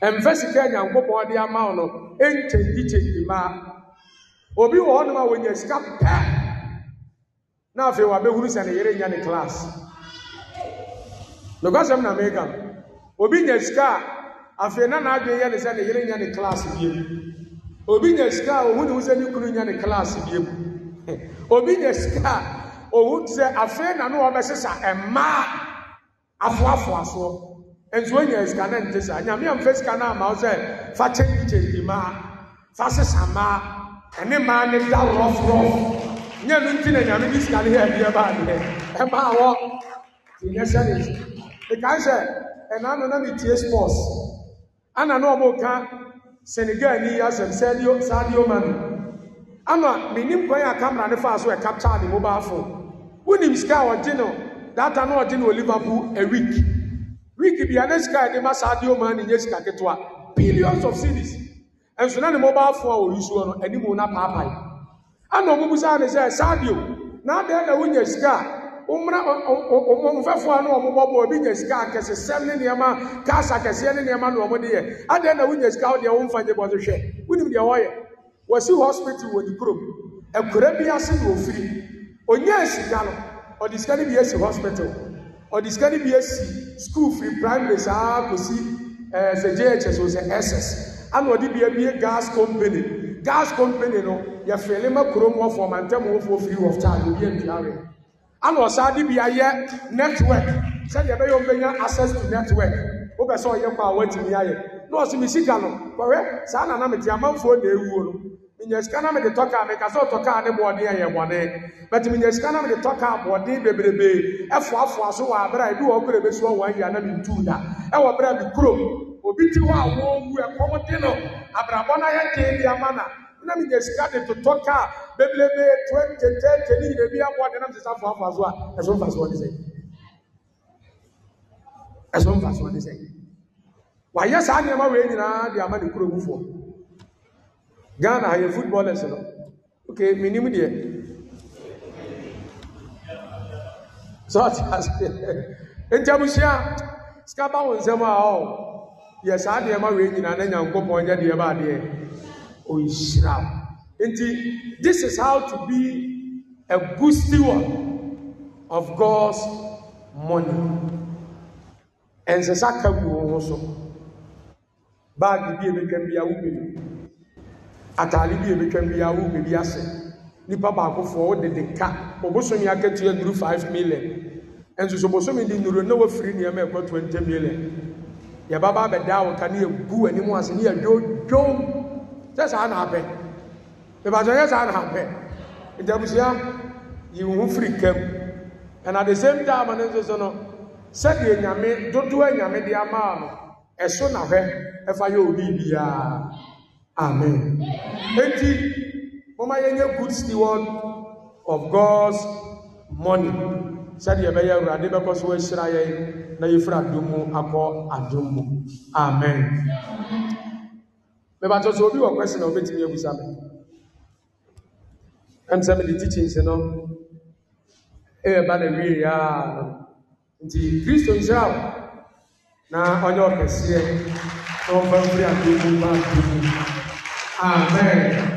mfɛ sika nyankopɔn de ama wo no ɛnkyɛndikyɛndi mmaa obi wɔ hɔnom a wɔnya sika pɛ na afei wabɛhunu sɛ ne yere nya ne class nokwasɛm na meka obi nya sika a afei na n'adwene yɛ ne sɛ ne yere nya ne class biem obi nya sika a ohun ne ho sɛ ne kunu nya ne class biem obi nya sika a ohun sɛ afei na no sisa, mmaa afoafoa soɔ nti wonya sika na nte saa mfe amfa sika no ama wo sɛ fa kyɛnkyɛnyi mmaa fa sesa mmaa ɛne ma ne da rɔforɔfo nyɛ no nti na nyame de sika no yɛ adeɛ baa deɛ ɛmaa wɔ nyɛ sɛne mekae sɛ ɛna no na metie sports ana na ɔmɔka senegal ni yi asɛm sadio sadio mane ama menim kwan a camera ne faa so ɛcapture ne mobile phone wonim sika a ɔgye no data na ɔgye no wɔ liverpool a week week bia ne sika a yɛde ma saa adeɛ ɔman ne nye sika ketewa billions of cities nso na ne mobile phone a oyi soɔ no anim na paapaa ɛna ɔmo busa ne sɛ saa deɛ o na adeɛ na wonya sika a ɔmra ɔmo mfɛfoɔ a na ɔmo bɔ bɔ obi nya sika akɛsesɛm ne nneɛma cars akɛseɛ ne nneɛma na ɔmo de yɛ adeɛ na wonya sika a ɔdeɛ ɔmo mfa nye bɔ so hwɛ wonim deɛ ɔyɛ wɔsi hospital wɔ ne kurom akura bi ase na ofiri onye sika no ɔde sika no bi esi hospital ɔde sika no bi esi skuul fri primary saa kɔsi e, ɛɛ sɛ jhs o sɛ ss ana ɔde bi abie gas company gas company no yɛfiri ma kurom wɔfoɔ mantam wɔfoɔ free of charge obi ntuare ana ɔsan de bi ayɛ network sɛdeɛ ɛbɛyɛ ɔbɛnya access to network wobɛ sɛ ɔyɛ kɔ a wɔatumi ayɛ na ɔsɛ mi sika no kɔhwɛ saa na anamete amanfoɔ na ewuo no. minya sika na mede tɔ kaa meka sɛ ɔtɔ kaa ne bɔɔden ɛyɛ bɔne bɛte minya sika na mede tɔ kaa bɔɔden bebrebe ɛfoafoa so wɔ aberɛ a ebi wɔ kuro ebesi wɔ wɔn yia na mentuu da ɛwɔ berɛ a me kurom obi ti hɔ a wɔwu ɛkɔm de no abrabɔ no ayɛ den bi ama na na minya sika de totɔ kaa bebrebe twenty thirty ne nyina bi abɔɔden na mesesa foafoa so a ɛso mfa soɔ ne sɛ ɛso mfa soɔ ne sɛ wayɛ saa nneɛma wei nyinaa de ama ne kurom foɔ Ghana ayɛ footballers no okay menim deɛ sɛ ɔte aseɛ ntamusua sika ba wo nsɛm a ɔ yɛ saa nneɛma wei nyinaa na nyankopɔn nyɛ deɛ ba adeɛ ɔnhyira wo nti this is how to be a good steward of God's money ɛnsɛ sɛ aka gu wo ho so baage bi a bɛka ataade bi a ebetwa biara wo beebi asɛ nipa baako foɔ ɔde de ka ɔbosomi akatua nuru five million nso so bosomi de nuru na wafiri nneɛma ɛkɔ twenty million yɛbaba abɛda wɔn ka ne ebu anim ase ne yɛdwo dwom sɛ saa na abɛ ìbàdàn yɛ saa na abɛ ntɛbusua yi ho firi kam ɛna the same time ne nso so no sɛdeɛ nyame dodoɔ nyame de ama no ɛso na hwɛ ɛfa yɛ obi biara. Amen. Eti, mama yɛnyɛ good steward of God's money. Sɛdeɛ ɛbɛyɛ Awurade bɛkɔ so ahyira na yɛfiri adom mu akɔ adom mu. Amen. Mɛbatɔ sɛ obi wɔ kwɛsɛn na obetumi abusa mi. Ɛm sɛ mede no e ba na nti Kristo na na ba Amen.